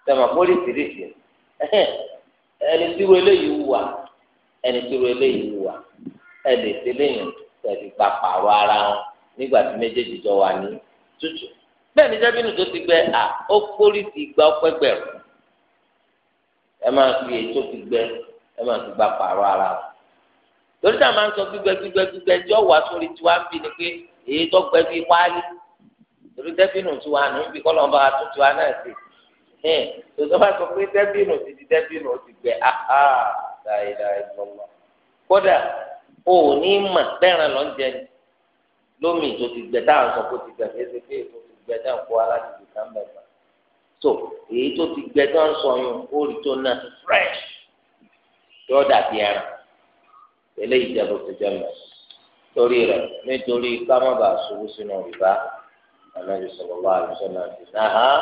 tẹ̀mọ̀ pólísì rìsì ẹni tí irú eléyìí wù ẹni tí ro eléyìí wù wá ẹ lè ṣe léyìn tẹ̀sí gba pààrọ̀ ara wọn nígbà tí méjèèjì jọ wà ní tútù bẹ́ẹ̀ ni dẹ́bínú tó ti gbẹ à ó kórì ti gba ọpẹ́ gbẹ̀rún ẹ máa fi ètò ti gbẹ ẹ máa fi gba pààrọ̀ ara wọn torí táwọn máa ń sọ gbígbẹ gbígbẹ gbígbẹ tí ọwọ́ àtúndì tí wàá ń bì ni pé èyí tó gbẹ bíi wáálí torí dẹ́bínú tí wàá nù ń kọ́lọ́ tòtò bá sọ pé dẹ́bínú ti di dẹ́bínú ti gbẹ áhà láìláì lọ́wọ́ kódà o ò ní mà bẹ́ẹ̀ràn lọ́n jẹ ni lómi tó ti gbẹ táwọn sọ pé ó ti gbẹ fẹsẹ pé èso ti gbẹ dáhùn kó aláti lè ká mẹ́ta so èyí tó ti gbẹ tó ń sọ yun ó rí tó náà fresh yóò dàbí ẹran eléyìí jẹ bó ti jẹ mọ torí rẹ nítorí ká má bàa ṣubú sínú ìbá ànábi sọlọ wà lọsọ náà ti náà hàn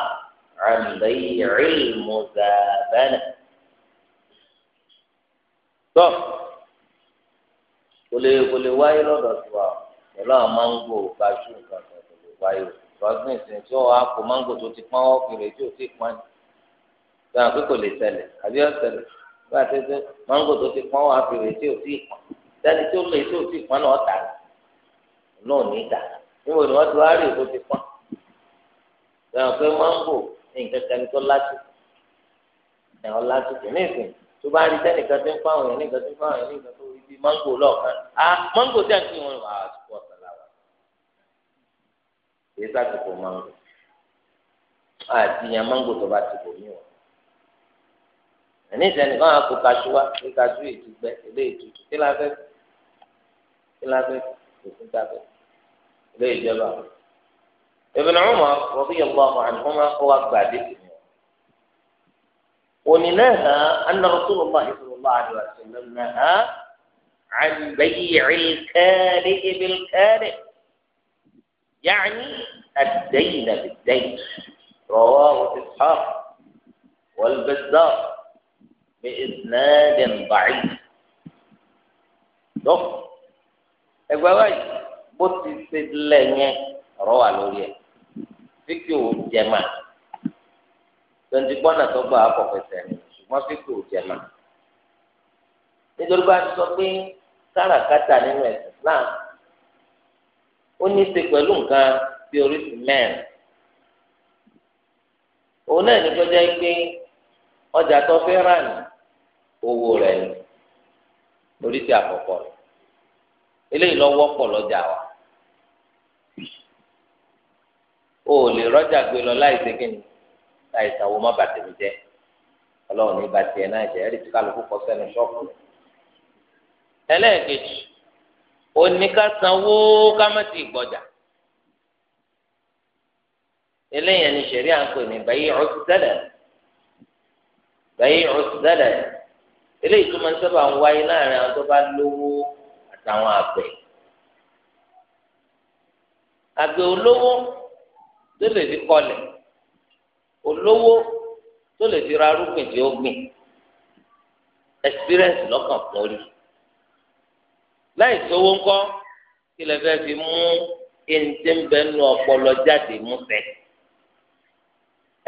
án lẹ́yìn rí mọ tọ́ kò lè kò lè wáyé lọ́dọ̀ tó wa pẹ̀lú àwọn máńgò gbajú nǹkan kan kò lè wáyé o rọ́gbìn ìsìn tí wọ́n á kó máńgò tó ti pọ́n ọ́ kiri tí ò ti pọ́n ni tí wọ́n á pé kò lè tẹ̀lé àbí ọ̀ tẹ̀lé bá a ti sẹ́ máńgò tó ti pọ́n wá kiri tí ò ti pọ́n sẹ́ni tó lè tí ò ti pọ́n náà tà ní náà ní tà níbo ni wọ́n ti wá rí èkó ti pọ́n tí wọ́n á pé máńgò nǹkan kan tó láti ẹ̀ ọ́ láti ní ìsìn tó bá rí sẹ́nìkan tó ń fún àwọn ènìyàn tó ń fún àwọn ènìyàn tó rí bíi máńgò lọ́ọ̀kan á máńgò tẹ̀ ń pín wọn wà á sùpọ̀ sàláwà èyí sàtìkò máńgò àtìyàn máńgò tó bá ti bò mí wọn. ẹ̀ní ìsẹ̀nìkan á kó kaṣú wá kí kaṣú ètùgbẹ́ ilé ètùtù kí la fẹ́ kí la fẹ́ kò sí tàbẹ́ ilé ìjọba. Ibn Umar radiyallahu anhuma وننهى أن رسول الله صلى الله عليه وسلم نهى عن بيع الكارئ بالكارئ يعني الدين بالدين رواه إسحاق والبزار بإسناد ضعيف dɔk ẹgbẹ́ wa yi bó ti ṣe lẹ yẹn tonti gbọ́nà tó gbà á kọ̀kẹ́sẹ̀ ni ṣùgbọ́n fíkù jẹ mà. nítorí bá a ti sọ pé káràkátà nínú ẹ̀sìn Islam ó ní í ṣe pẹ̀lú nǹkan bí oríṣìí mẹ́rin. òun náà ní kọjá pé ọjà tó fẹ́ rà ní owó rẹ̀ ni oríṣìí àkọ́kọ́ rẹ̀ eléyìí lọ wọ́pọ̀ lọ́jà wa. o lè rọ́jà gbé lọ láì ṣe kí ni. láì sanwó má bàtẹ mi jẹ Ọlọ́run ní bàtẹ ẹ náà jẹ ẹ lè tún kálukú kọ sẹ́nu ṣọ́ọ̀bù rẹ. ẹlẹ́ẹ̀kejì oníkà kámẹ́tì ìgbọ̀jà eléyìí ni sẹ̀rí à ń pè ní ọ̀sẹ̀lẹ̀ ọ̀sẹ̀lẹ̀ eléyìí tó máa ń sábà ń wáyé láàrin àwọn tó bá lówó àtàwọn àgbẹ̀ àgbẹ̀ olówó olówó tó lè fi ra arúgbìn tí ó gbìn experience lọ́kàn fún orí láì sówó ńkọ́ kí lè fẹ́ fi mú ẹni tí ń bẹ nu ọpọlọ jáde músẹ̀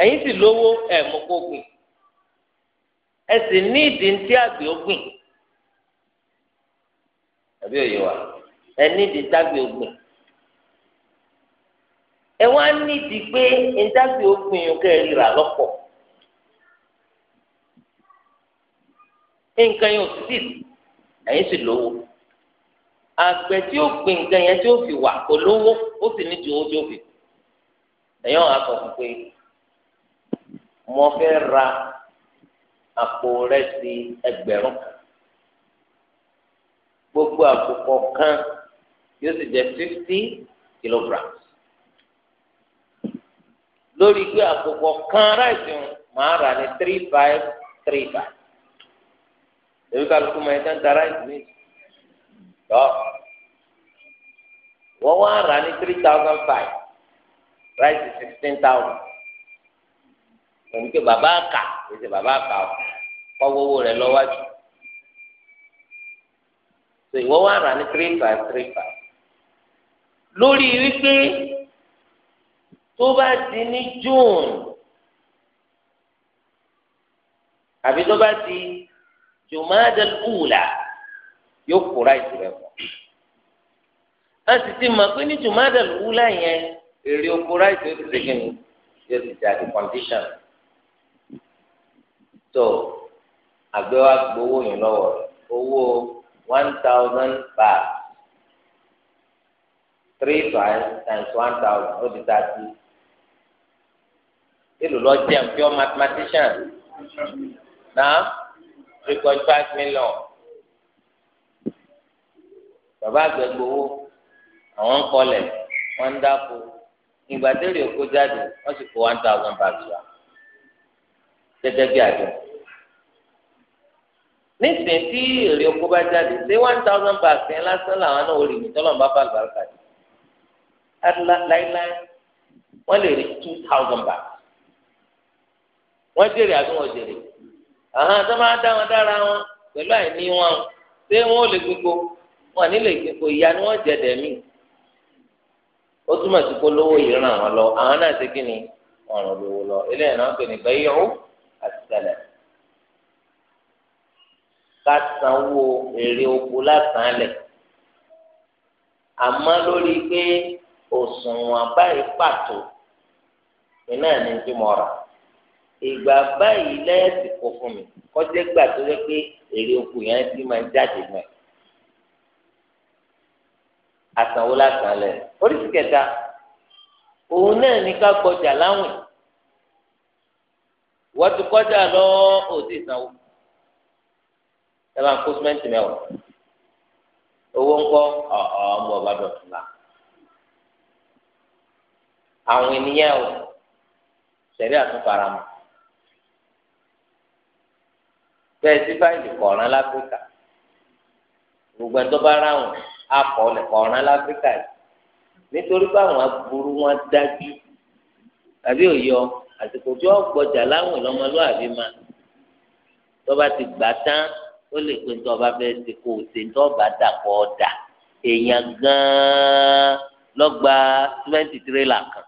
ẹ̀yin sì lówó ẹ̀ mú kó gbìn ẹ sì ní ìdí tí àgbẹ̀ ó gbìn àbí òye wa ẹ ní ìdí tí àgbẹ̀ ó gbìn ẹ wá nídìí pé ìdájọ́ òfin yòókè ríra lọ́pọ̀ nǹkan yóò sì ẹ̀yìn sì lówó àgbẹ̀ tí ó gbìn nǹkan yẹn tí ó fi wà kò lówó ó sì ní ju owó tí ó fi ẹ̀yìn ọ̀hún akọ̀ fún pé mo fẹ́ ra àpò rẹ̀ sí ẹgbẹ̀rún gbogbo àpò kọ̀ọ̀kan yóò sì jẹ́ fifty kilograms lórí pé àkókò kan ráìsì ń máa rà ní three five three five èmi kálukú máa ń tán ta ráìsì ní tọ́ wọ́n wá rà ní three thousand five ráìsì sixteen thousand òní pé bàbá àkà èsì bàbá àkà ọ kọ́ wọ́wọ́ rẹ̀ lọ́wájú so wá rà ní three five three five lórí wípé tó bá di ní june àbí tó bá di jumadal ula yóò kóra ìsirẹ pọ a sì ti mọ̀ pé ní jumadal ula yẹn èrè oko ráìsì ó ti ṣègbè ní yóò ti jáde condition tó àgbẹ̀ wa gbowó yìí lọ́wọ́ owó one thousand baht three times times one thousand ó ti dá sí èlò lọ jẹun pure mathematician náà three point five million bàbá àgbẹ̀ gbowó àwọn ń kọlẹ̀ wọ́n ń dáko ìgbà tẹ́lẹ̀ òkú jáde wọ́n sì kó one thousand bags wa gẹ́gẹ́ bí àjọ nísìnyí tí èrè oko bá jáde ṣé one thousand bags yẹn lásán làwọn náà ò rí mi tọ́lọ̀ ń bá bá àlùbáríkà jù láíláí lè rí two thousand bags wọ́n jèrè àbí wọ́n jèrè àwọn tó máa dá wọn dára wọn pẹ̀lú àìní wọn ṣé wọn ò lè gbogbo wọn ní lè gbogbo ìyá ni wọ́n jẹ dẹ̀mí ó túmọ̀ sí pé lówó yìí ràn wọ́n lọ àwọn náà ṣe kí ni ọ̀ràn lówó lọ eléyìí náà pè ní bẹ́yìrú àti sẹlẹ̀ ká sanwó èrè oko lásán lẹ̀ àmọ́ lórí pé òṣùwọ̀n báyìí pàtó iná ní tí mo rà ìgbà báyìí lẹ́yìn kó fún mi kọjá gbà tó yẹ pé èrè oko yẹn ti máa jáde náà àsanwó lásán lẹ oríṣi kẹta òun náà ní ká gbọjà láwìn wọ́n ti kọjá lọ òsì ìsanwó sábà ń mẹ́wàá owó ńkọ́ ọmọ ọba dọ̀tún la àwọn ènìyàn ò sẹ́rí àtúnfàramọ́. bẹ́ẹ̀ sí fáìlì kọ̀ọ̀rán láfíríkà gbogbo ẹ̀tọ́ bá ráwọn akọọlẹ kọ̀ọ̀rán láfíríkà yìí nítorí pé àwọn aburú wọn dájú àbí òyọ àsìkò tí wọn gbọjà láwọn ìlọmọlúwàbí máa tọba ti gbà tán ó lè pe tọba fẹ́ẹ́ ti kó o ṣe tọba dàpọ ọdà èèyàn gan-an lọgba sìmẹ́ǹtì tirẹlà kan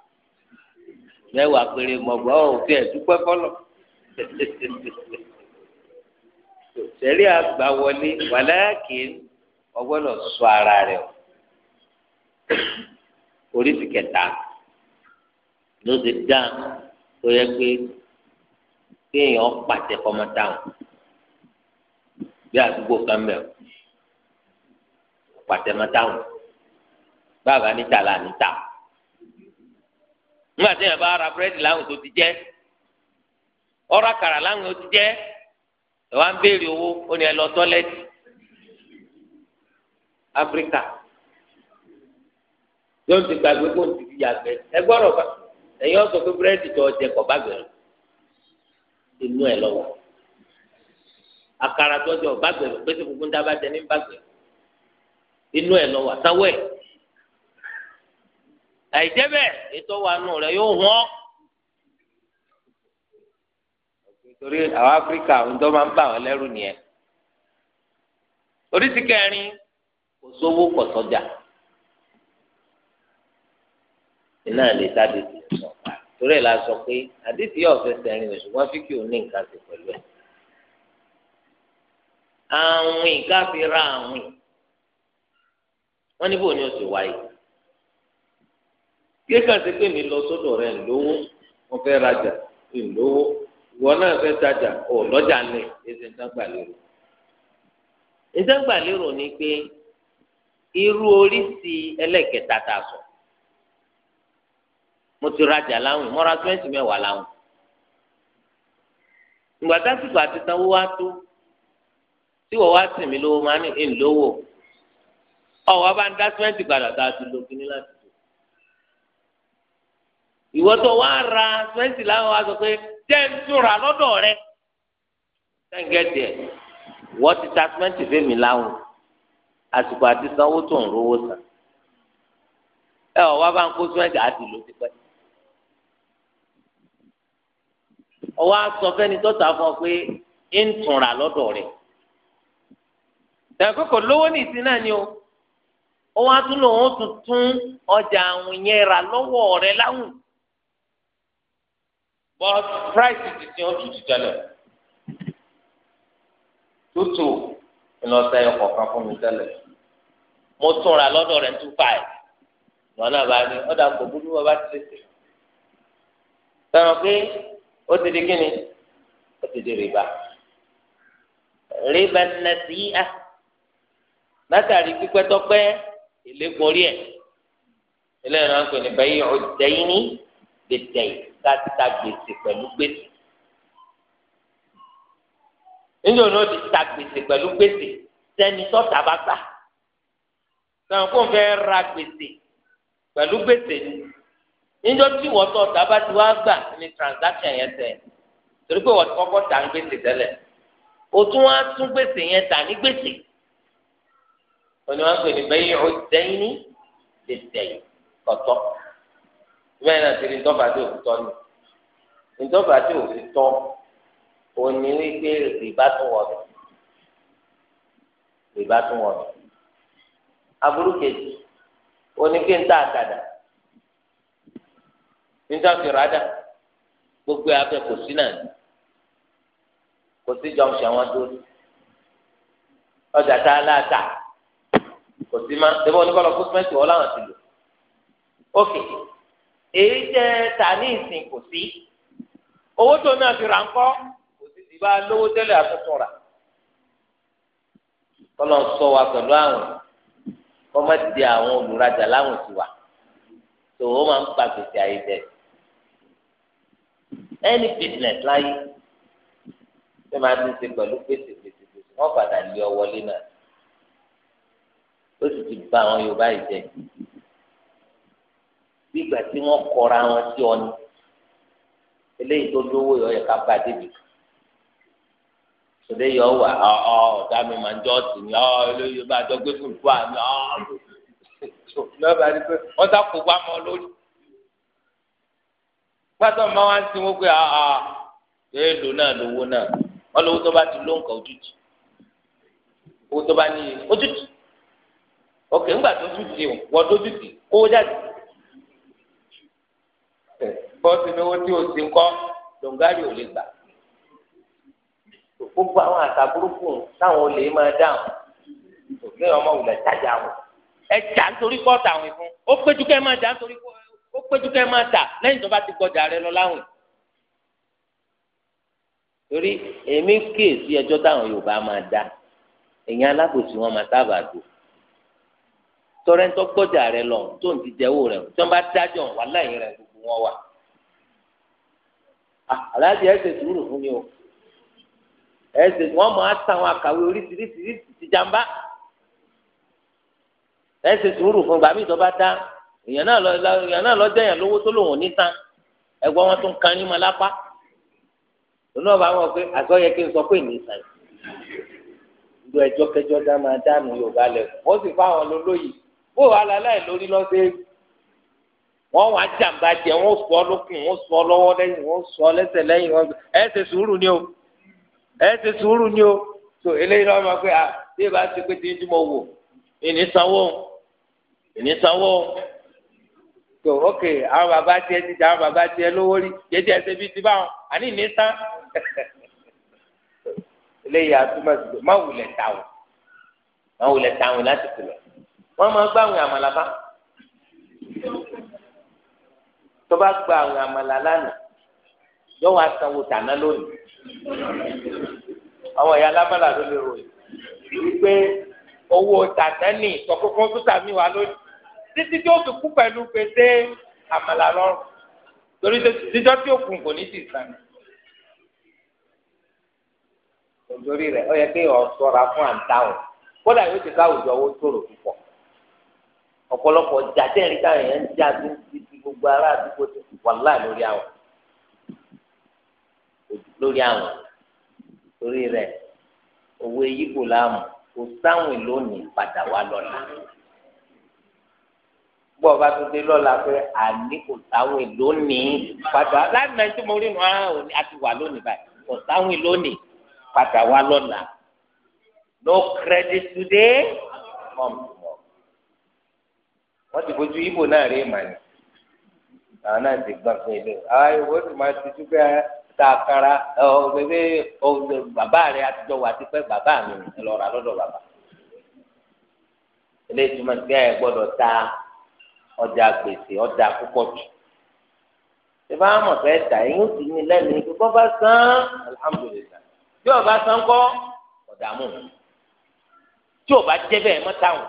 mẹ́wàá péré mọgbà òfin ẹdúpẹ́ fọlọ. <laughs> sẹ̀rí àgbà wọlé wàláàkín ọgbọ́dọ̀ sọ ara rẹ̀ o oríṣi kẹta ló ti dá tó yẹ pé kéèyàn pàṣẹ kọ́mọ táwọn bí àdúgbò kan bẹ̀ pàṣẹ mọ́ táwọn bàbá níta là níta nígbà tí yẹn bá ra búrẹ́dì láwọn tó ti jẹ́ ọ̀rọ̀ àkàrà láwọn ti jẹ́. ẹ wá ń béèrè owó ó ní ẹ lọ tọ́lẹ́tì áfíríkà yóò ti gbàgbé kó ti fi yàgbẹ́ ẹ gbọ́dọ̀ bá ẹ̀yin ọ̀sọ̀ pé búrẹ́dì tó kọ̀ bá gbẹ̀rù inú ẹ lọ́wọ́ àkàrà tó gbẹ̀rù jẹ ní bá gbẹ̀rù inú lọ́wọ́ àtàwọ̀ ẹ̀ torí àwọn áfíríkà ohun tó máa ń bà wọn lẹ́rù nìyẹn oríṣi kẹrin kò sówó kò sọ́jà iná lè sáde sí sọ torí ẹ̀ la sọ pé àdìsí yóò fẹsẹ̀ rìn ṣùgbọ́n fíkì ò ní nǹkan ti pẹ̀lú ẹ̀ àwìn káfíńra àwìn wọn ní bò ní oṣù wáyé kíkà sí pé mi lọ sọ́dọ̀ rẹ̀ lówó mo fẹ́ rajà lówó ìwọ náà fẹ́ tajà ò lọ́jà lẹ̀ ẹsẹ̀ ń tán gbà lérò ẹsẹ̀ ń gbà lérò ni pé irú oríṣi ẹlẹ́kẹta ta sọ mo ti rajà láwìn mọ́ra twenty mẹ́wàá láwìn ìgbà tásìkò àti sanwó wá tó tí wọ́n wá sìn mí lówó máa ní ìlówó ọ̀ wá bá ń dá twenty padà tá a ti lò kíní láti ìwọ tó wá ra láwọn wa sọ pé jẹ́ lọ́dọ̀ rẹ wọ́n ti ta fẹ́mi láwọn àsìkò àti bá ń kó àti ti pẹ́. ọwọ́ fẹ́ni tó ta fún ọ pé ń túnra lọ́dọ̀ rẹ̀ kò lówó ní náà ni o ó wá tún tuntun ọjà àwìn yẹn lọ́wọ́ but price ti ti wọn tún ti tẹ́lẹ̀ tútù ìlọsẹ ọkọ kan fún mi tẹ́lẹ̀ mo tún ra lọ́dọ̀ rẹ̀ two five wọn náà bá ní ọdà kò burú wọn bá ti tètè sọ̀rọ̀ pé ó ti di kíni ó ti di rìbá rìbá nàti yíyá látàrí pípẹ́ tọ́pẹ́ ìlẹ́gbọ̀n rí ẹ̀ ilé ìrànkò ní bẹ́ẹ̀ yìí ọ̀dẹ́yìn ní gbèsè káta gbèsè pẹ̀lú gbèsè níjọ náà ti ta gbèsè pẹ̀lú gbèsè sẹ́ni tọ́ta bá gbà sẹ́wọ̀n kó n fẹ́ ra gbèsè pẹ̀lú gbèsè ni níjọ tí wọ́n tọ́ta bá ti wá gbà ní transaction yẹn tẹ̀ torí pé wọ́n kọ́kọ́ ta gbèsè tẹ́lẹ̀ o tún wá tún gbèsè yẹn ta ní gbèsè oníwàá ń pè ní bẹ́ẹ̀ yìí ó ní lè dẹ́yìn bẹ́ẹ̀ náà ti rí ntọ́fà tí òfin tọ́ ni ntọ́fà tí òfin tọ́ òní wípé rìbá tún wọ̀ mí rìbá tún wọ̀ mí aburú kejì òní kí n ta àkàdà níta fi ràdà gbogbo abẹ kò sí náà kò sí jọmṣẹ wọn dúró ọjà tá a láta kò sí má débọ̀ oníkọ́lọ́ fún sẹ́ńtì wọn láwọn ti lò ókè. Okay èyí jẹ́ tà ní ìsìn kò sí owó tó náà ti rà kò sì ti bá lówó tẹ́lẹ̀ àtúntò rà kọ́lọ̀ sọ wa pẹ̀lú àwọn kọ́mọ́ ti di àwọn olùrajà láwọn ti wà tó o máa ń pa gbèsè ayé jẹ any business láyé ṣé máa ti ṣe pẹ̀lú gbèsè gbèsè gbèsè wọ́n padà lé ọ wọlé náà ó sì ti bà àwọn Yorùbá yìí jẹ́ yìí bí ìgbà tí wọ́n kọra wọn sí ọ ni eléyìí tó lówó yọ yẹ ká bá débi kan sọdẹ yọ wà ọ ọdọ mi máa ń jọ sí ni ọ eléyìí bá jọ gbé fún ìfọ àmì ọ lọba ni pé wọn sá kó bá mọ lórí pátọ máa wá ń sin wọn pé àà èèlò náà lówó náà wọn lówó tó bá ti ló nǹkan ojútì owó tó bá ní ojútì ok ńgbà tó ojútì wọn tó ojútì kówó jáde bọ́ọ̀sì lówó tí o sì ń kọ́ dòǹgárì ò lè gbà. gbogbo àwọn àṣà burúkú táwọn olè máa dáhùn òfin ọmọ wùlẹ̀ tájà wọn. ẹ jà nítorí kọ́ tàwọn ìfún ó péjú kẹ́ máa jà nítorí kọ́ ó péjú kẹ́ máa tà lẹ́yìn tó bá ti gbọ́jà rẹ lọ láwìn. torí èmi kíyèsí ẹjọ́ táwọn Yorùbá máa dá èèyàn alábòsí wọn máa sábà dùn tọrẹ ń tọgbọjà rẹ lọ tó ń ti jẹ owó rẹ tí wọn bá dájọ wà láyìn rẹ gbogbo wọn wà Ah, aláàjì ẹ ṣe sùúrù fún mi o ẹ ṣe wọn máa tàwọn àkàwé oríṣiríṣiríṣi ti jàmbá ẹ ṣe sùúrù fún gbàmí ìjọba dá èèyàn náà lọ èèyàn náà lọ jẹyàn lówó tó lòun ò ní tán ẹ̀gbọ́n wọn tún kan ní ma lápá lónà ọba wọn pé àgọ yẹ kí n sọ pé ní sàn ìlú ẹjọ́ kẹjọ dá máa dánù Yorùbá lẹ wọn sì fáwọn lólóyè bó wàhálà láì lórí lọ sí èkó wọ́n wá jàǹbá jẹ wọ́n sọ lókun wọ́n sọ lọ́wọ́ lẹ́yìn wọ́n sọ lẹ́sẹ̀ lẹ́yìn wọ́n ẹ ṣe sùúrù ni o ẹ ṣe sùúrù ni o tó eléyìí lọ́wọ́ máa pé à bí ìbá ṣe pé tí mo wò ìní sanwó ìní sanwó tó ok àwọn bàbá tiẹ̀ ti jà àwọn bàbá tiẹ̀ lówó rí jẹjẹ ẹsẹ bíi ti báwọn àní ìní san <laughs> eléyìí àtúmọ̀ sí pé má wulẹ̀ táwọn má wulẹ̀ táwọn láti kìlọ̀ wọ́n máa gbáwọn àmàlàbá. tó bá gba àwọn àmàlà lánàá yóò wá sanwó tàná lónìí àwọn ìyá alábàlà ló lè ròyìn wípé owó tàná nì tọkọkọ tó tàmí wá lónìí títí tí ó fi kú pẹ̀lú pété àmàlà lọ́rùn torí títọ́ tí ó kù kò ní sì sàn. nítorí rẹ̀ ó yẹ kí ọ ṣọ́ra fún àǹtáwọn kódà yóò ti ká àwùjọ owó tòrò púpọ̀ ọ̀pọ̀lọpọ̀ jàdẹ́rì táwọn èèyàn ń jáde gbogbo ará àdúgbò ti kù wàlá lórí àwọn lórí àwọn torí rẹ̀ òwe yíbo láàmú kò sáwìn lónìí padà wá lọ́la gbọ́ bá tó dé lọ́la pé àní kò sáwìn lónìí padà láti náà tí mo rí nu ara ah, àti wà lónìí báyìí kò sáwìn lónìí padà wá lọ́la no credit today come tomorrow wọ́n ti fojú yíbo náà rí màní àwọn náà ti gbà pé ilé àwọn ìwé tó máa ti tú pé ta kara bébé bàbá rẹ àtijọ́ wà ti pẹ́ bàbá mi lọ rà lọ́dọ̀ bàbá ilé ìtumọ̀ sí ẹ̀ gbọ́dọ̀ ta ọjà gbèsè ọjà púpọ̀ jù ìbá mọ̀ fẹ́ tà yín ó sì ní lẹ́nu ní kíkọ́ bá san alhamdulilayi bí ọba san kọ́ ọ̀dààmú tí ọba jẹ́ bẹ́ẹ̀ mọ́tàwọn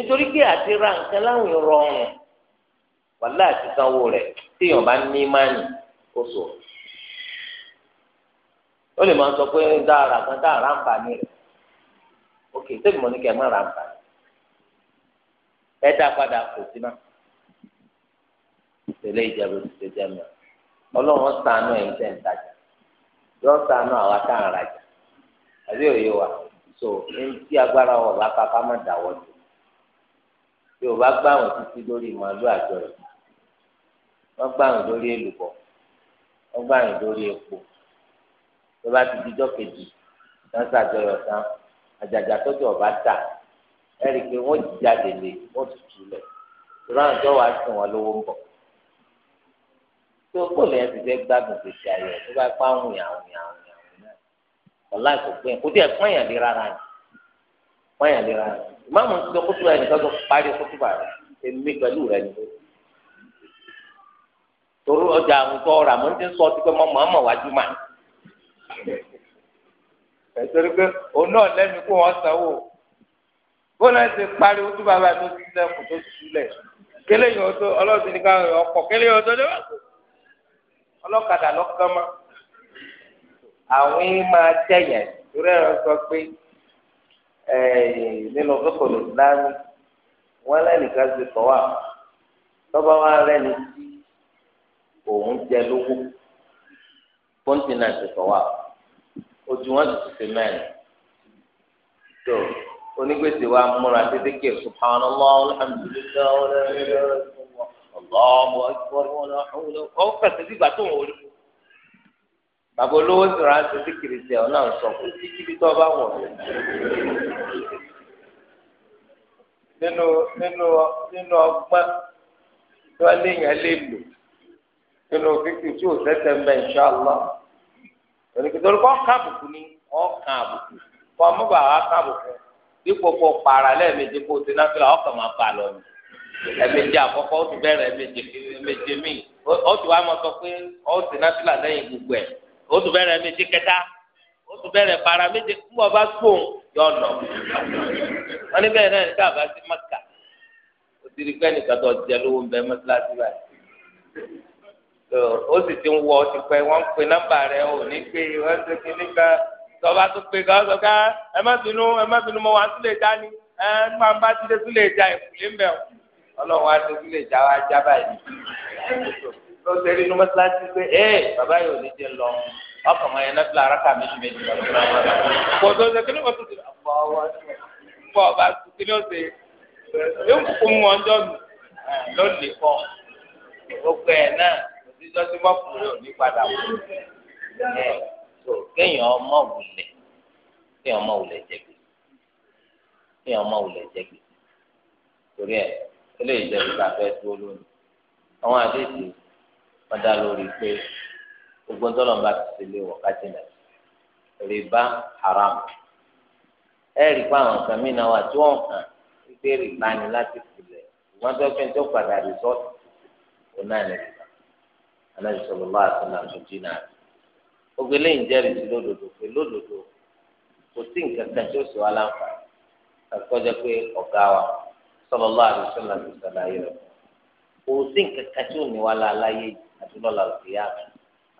nítorí pé àti ra nǹkan láwìn rọrùn wàhálà àti sanwó rẹ̀ téèyàn bá ní mánì ó sọ ó lè máa sọ pé dára kan dára àǹfààní rẹ̀ ok sẹ́mi mo ní kẹ́ ẹ má ra àǹfààní ẹ dá padà kò sí náà tẹ̀lé ìjẹ́bù ti ṣe jẹ́ mi ọlọ́run ṣàánú tẹ̀ ń tajà yọ ṣàánú àwa tá à ń rajà àbí òye wa so ní tí agbára wọ̀ bá kápá má dáwọ́ ni yorùbá gbà wọn títí lórí màálù àjọ yìí wọn gbà wọn lórí èlùbọ́ wọn gbà wọn lórí epo tó bá ti di jọkejì wọn ṣàjọyọ̀ tán àjàjà tọjú ọba tà ẹrí pé wọn jáde lé wọn tutù lẹ ìrọ àjọ wa sùn wọn lówó ń bọ̀ tó kó lẹ́yìn ti fẹ́ gbádùn gbèsè ayọ̀ tó bá pa àwọn ìyàwó ìyàwó ìyàwó náà ọlá ìkó pé kó díẹ̀ pọ́nyàn lé rárá ni pọ́nyàn lé rárá ni. ìmáàmù ń sọ kótó ẹnìkan tó parí kótó bá èmi pẹ̀lú ni torí ọjà àwùjọ ọ̀rọ̀ àmọ́ ti sọ ọtí pé mọ́ mọ́ wájú mà ẹ̀sọ́rí pé òun náà lẹ́nu kó wọ́n sanwó náà ti parí kótó tó ti sílẹ̀ kélé tó ọlọ́sìn ní ọkọ̀ kélé tó ọlọ́kadà lọ́kàn mọ́ àwọn nínú fẹ́kọ̀ọ́ ìsìlámù wọn lẹ́nìkan ti sọ wà tọ́ba wa rẹ́ni tí òun jẹ lówó kọ́ńtínẹ̀tì sọ wà ojú wọn ti ti mẹ́rin tó onígbèsè wa múra títí kí subhanallah alhamdulilayi ọlọ́mọ ẹgbẹ́ wọn ọ̀hún ọ̀hún ọ̀hún fẹsẹ̀ sígbà tó ń wọlé bàbá olówó sọ̀rọ̀ àti síkìrì tẹ̀ ọ́ náà sọ pé síkìrì tó bá wọ̀ nínú nínú nínú ọgbọ́n tí wọ́n lé yẹn lè lò nínú fífi tí ò sẹ́sẹ̀ ń bẹ̀ ṣáàlá oníkìtọ́ kọ́ káàbùkù ni ọ́ káàbùkù kọ́ ọmọ bàbá káàbùkù dípò kó para lẹ́ẹ̀mejì kó o ti náà fìlà ọkàn máa bà lọ ni ẹ̀mejì àkọ́kọ́ ó ti bẹ̀rẹ̀ ẹ̀mejì míì ó ti wá mọ́ sọ pé ó ti náà fìlà lẹ́yìn gbogbo ẹ̀ o tún bẹ̀rẹ̀ méje kẹta o tún bẹ̀rẹ̀ para méje kúmọ̀ bá gbòòn yọ ọ̀nà wọn ní bẹ́ẹ̀ náà ní káàbá sí maka o ti rí pẹ́ẹ́nì kan tó jẹ lówó ń bẹ mọ́tíláṣí báyìí o sì ti ń wọ ọ ti pẹ́ wọ́n ń pe nọ́mbà rẹ̀ ò ní pé wọ́n ń ṣe kíní kan tọba tó pe ká sọ ká ah, ẹ má bínú ẹ má bínú mo wà sílé ìjà ni ẹ eh, má bá ti dé sílé ìjà ìkùlé ń bẹ o ọlọ́run wa ti sílé ìjà wa já báyìí ó ṣe rí inú mọ́sálásí pé ẹ bàbá yóò ní jẹ lọ ọkàn máa yẹn náfìlà aráka méjì méjì kò tó ṣe kí ló kò tó ṣe àpò ọwọ́ pọ̀ bá kí ló ṣe yóò kú mú ọjọ́ nù lónìí kọ́ gbogbo ẹ̀ náà òṣìṣẹ́ tí wọ́n kúrò yóò ní padà wọ̀ ẹ̀ tó kéèyàn ọmọ wulẹ̀ kéèyàn ọmọ wulẹ̀ jẹ kéèyàn ọmọ wulẹ̀ jẹ torí ẹ̀ eléyìí jẹ́ ìgbà fẹ́ tó lónìí àwọn àdéhùn wọn dá lórí pé gbogbo ńdọ́lọ́mbà ti ṣe lé wọ́kàtí náà rìbá haram ẹ rí i pé àwọn nǹkan mìíràn wà tí wọ́n hàn wípé rìbá ni láti pilẹ̀ wọ́n tó fi tó padà rìsọ́ọ̀tì òun náà ní rìbá anájú sọ̀rọ̀ bá àti nàìjú dínà gbogbo eléyìí jẹ́rìí sí lódodo pé lódodo kò sí nǹkan kan tí ó sì wá pé ọ̀gá wa sọ̀rọ̀ bá àti sọ̀rọ̀ àti sọ̀rọ̀ ayé rẹ̀ kò sí nǹkan kan tí ò ní yìí. àti lọ́la lọ́kìyà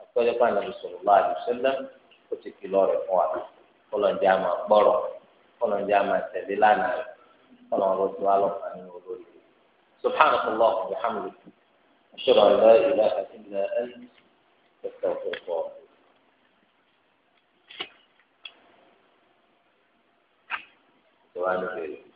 àkọ́jọ́ pa ànábì sallallahu alaihi wasallam ó ti kìlọ̀ rẹ̀ fún wa kọ́lọ̀njẹ́ àmà gbọ́rọ̀ kọ́lọ̀njẹ́ àmà tẹ̀lé lánàá rẹ̀ kọ́lọ̀n ló ti wá lọ́kàn nínú olórí rẹ̀ subhanahu allah wa bihamdihi ashhadu an la ilaha illa anta astaghfiruka wa atubu ilayk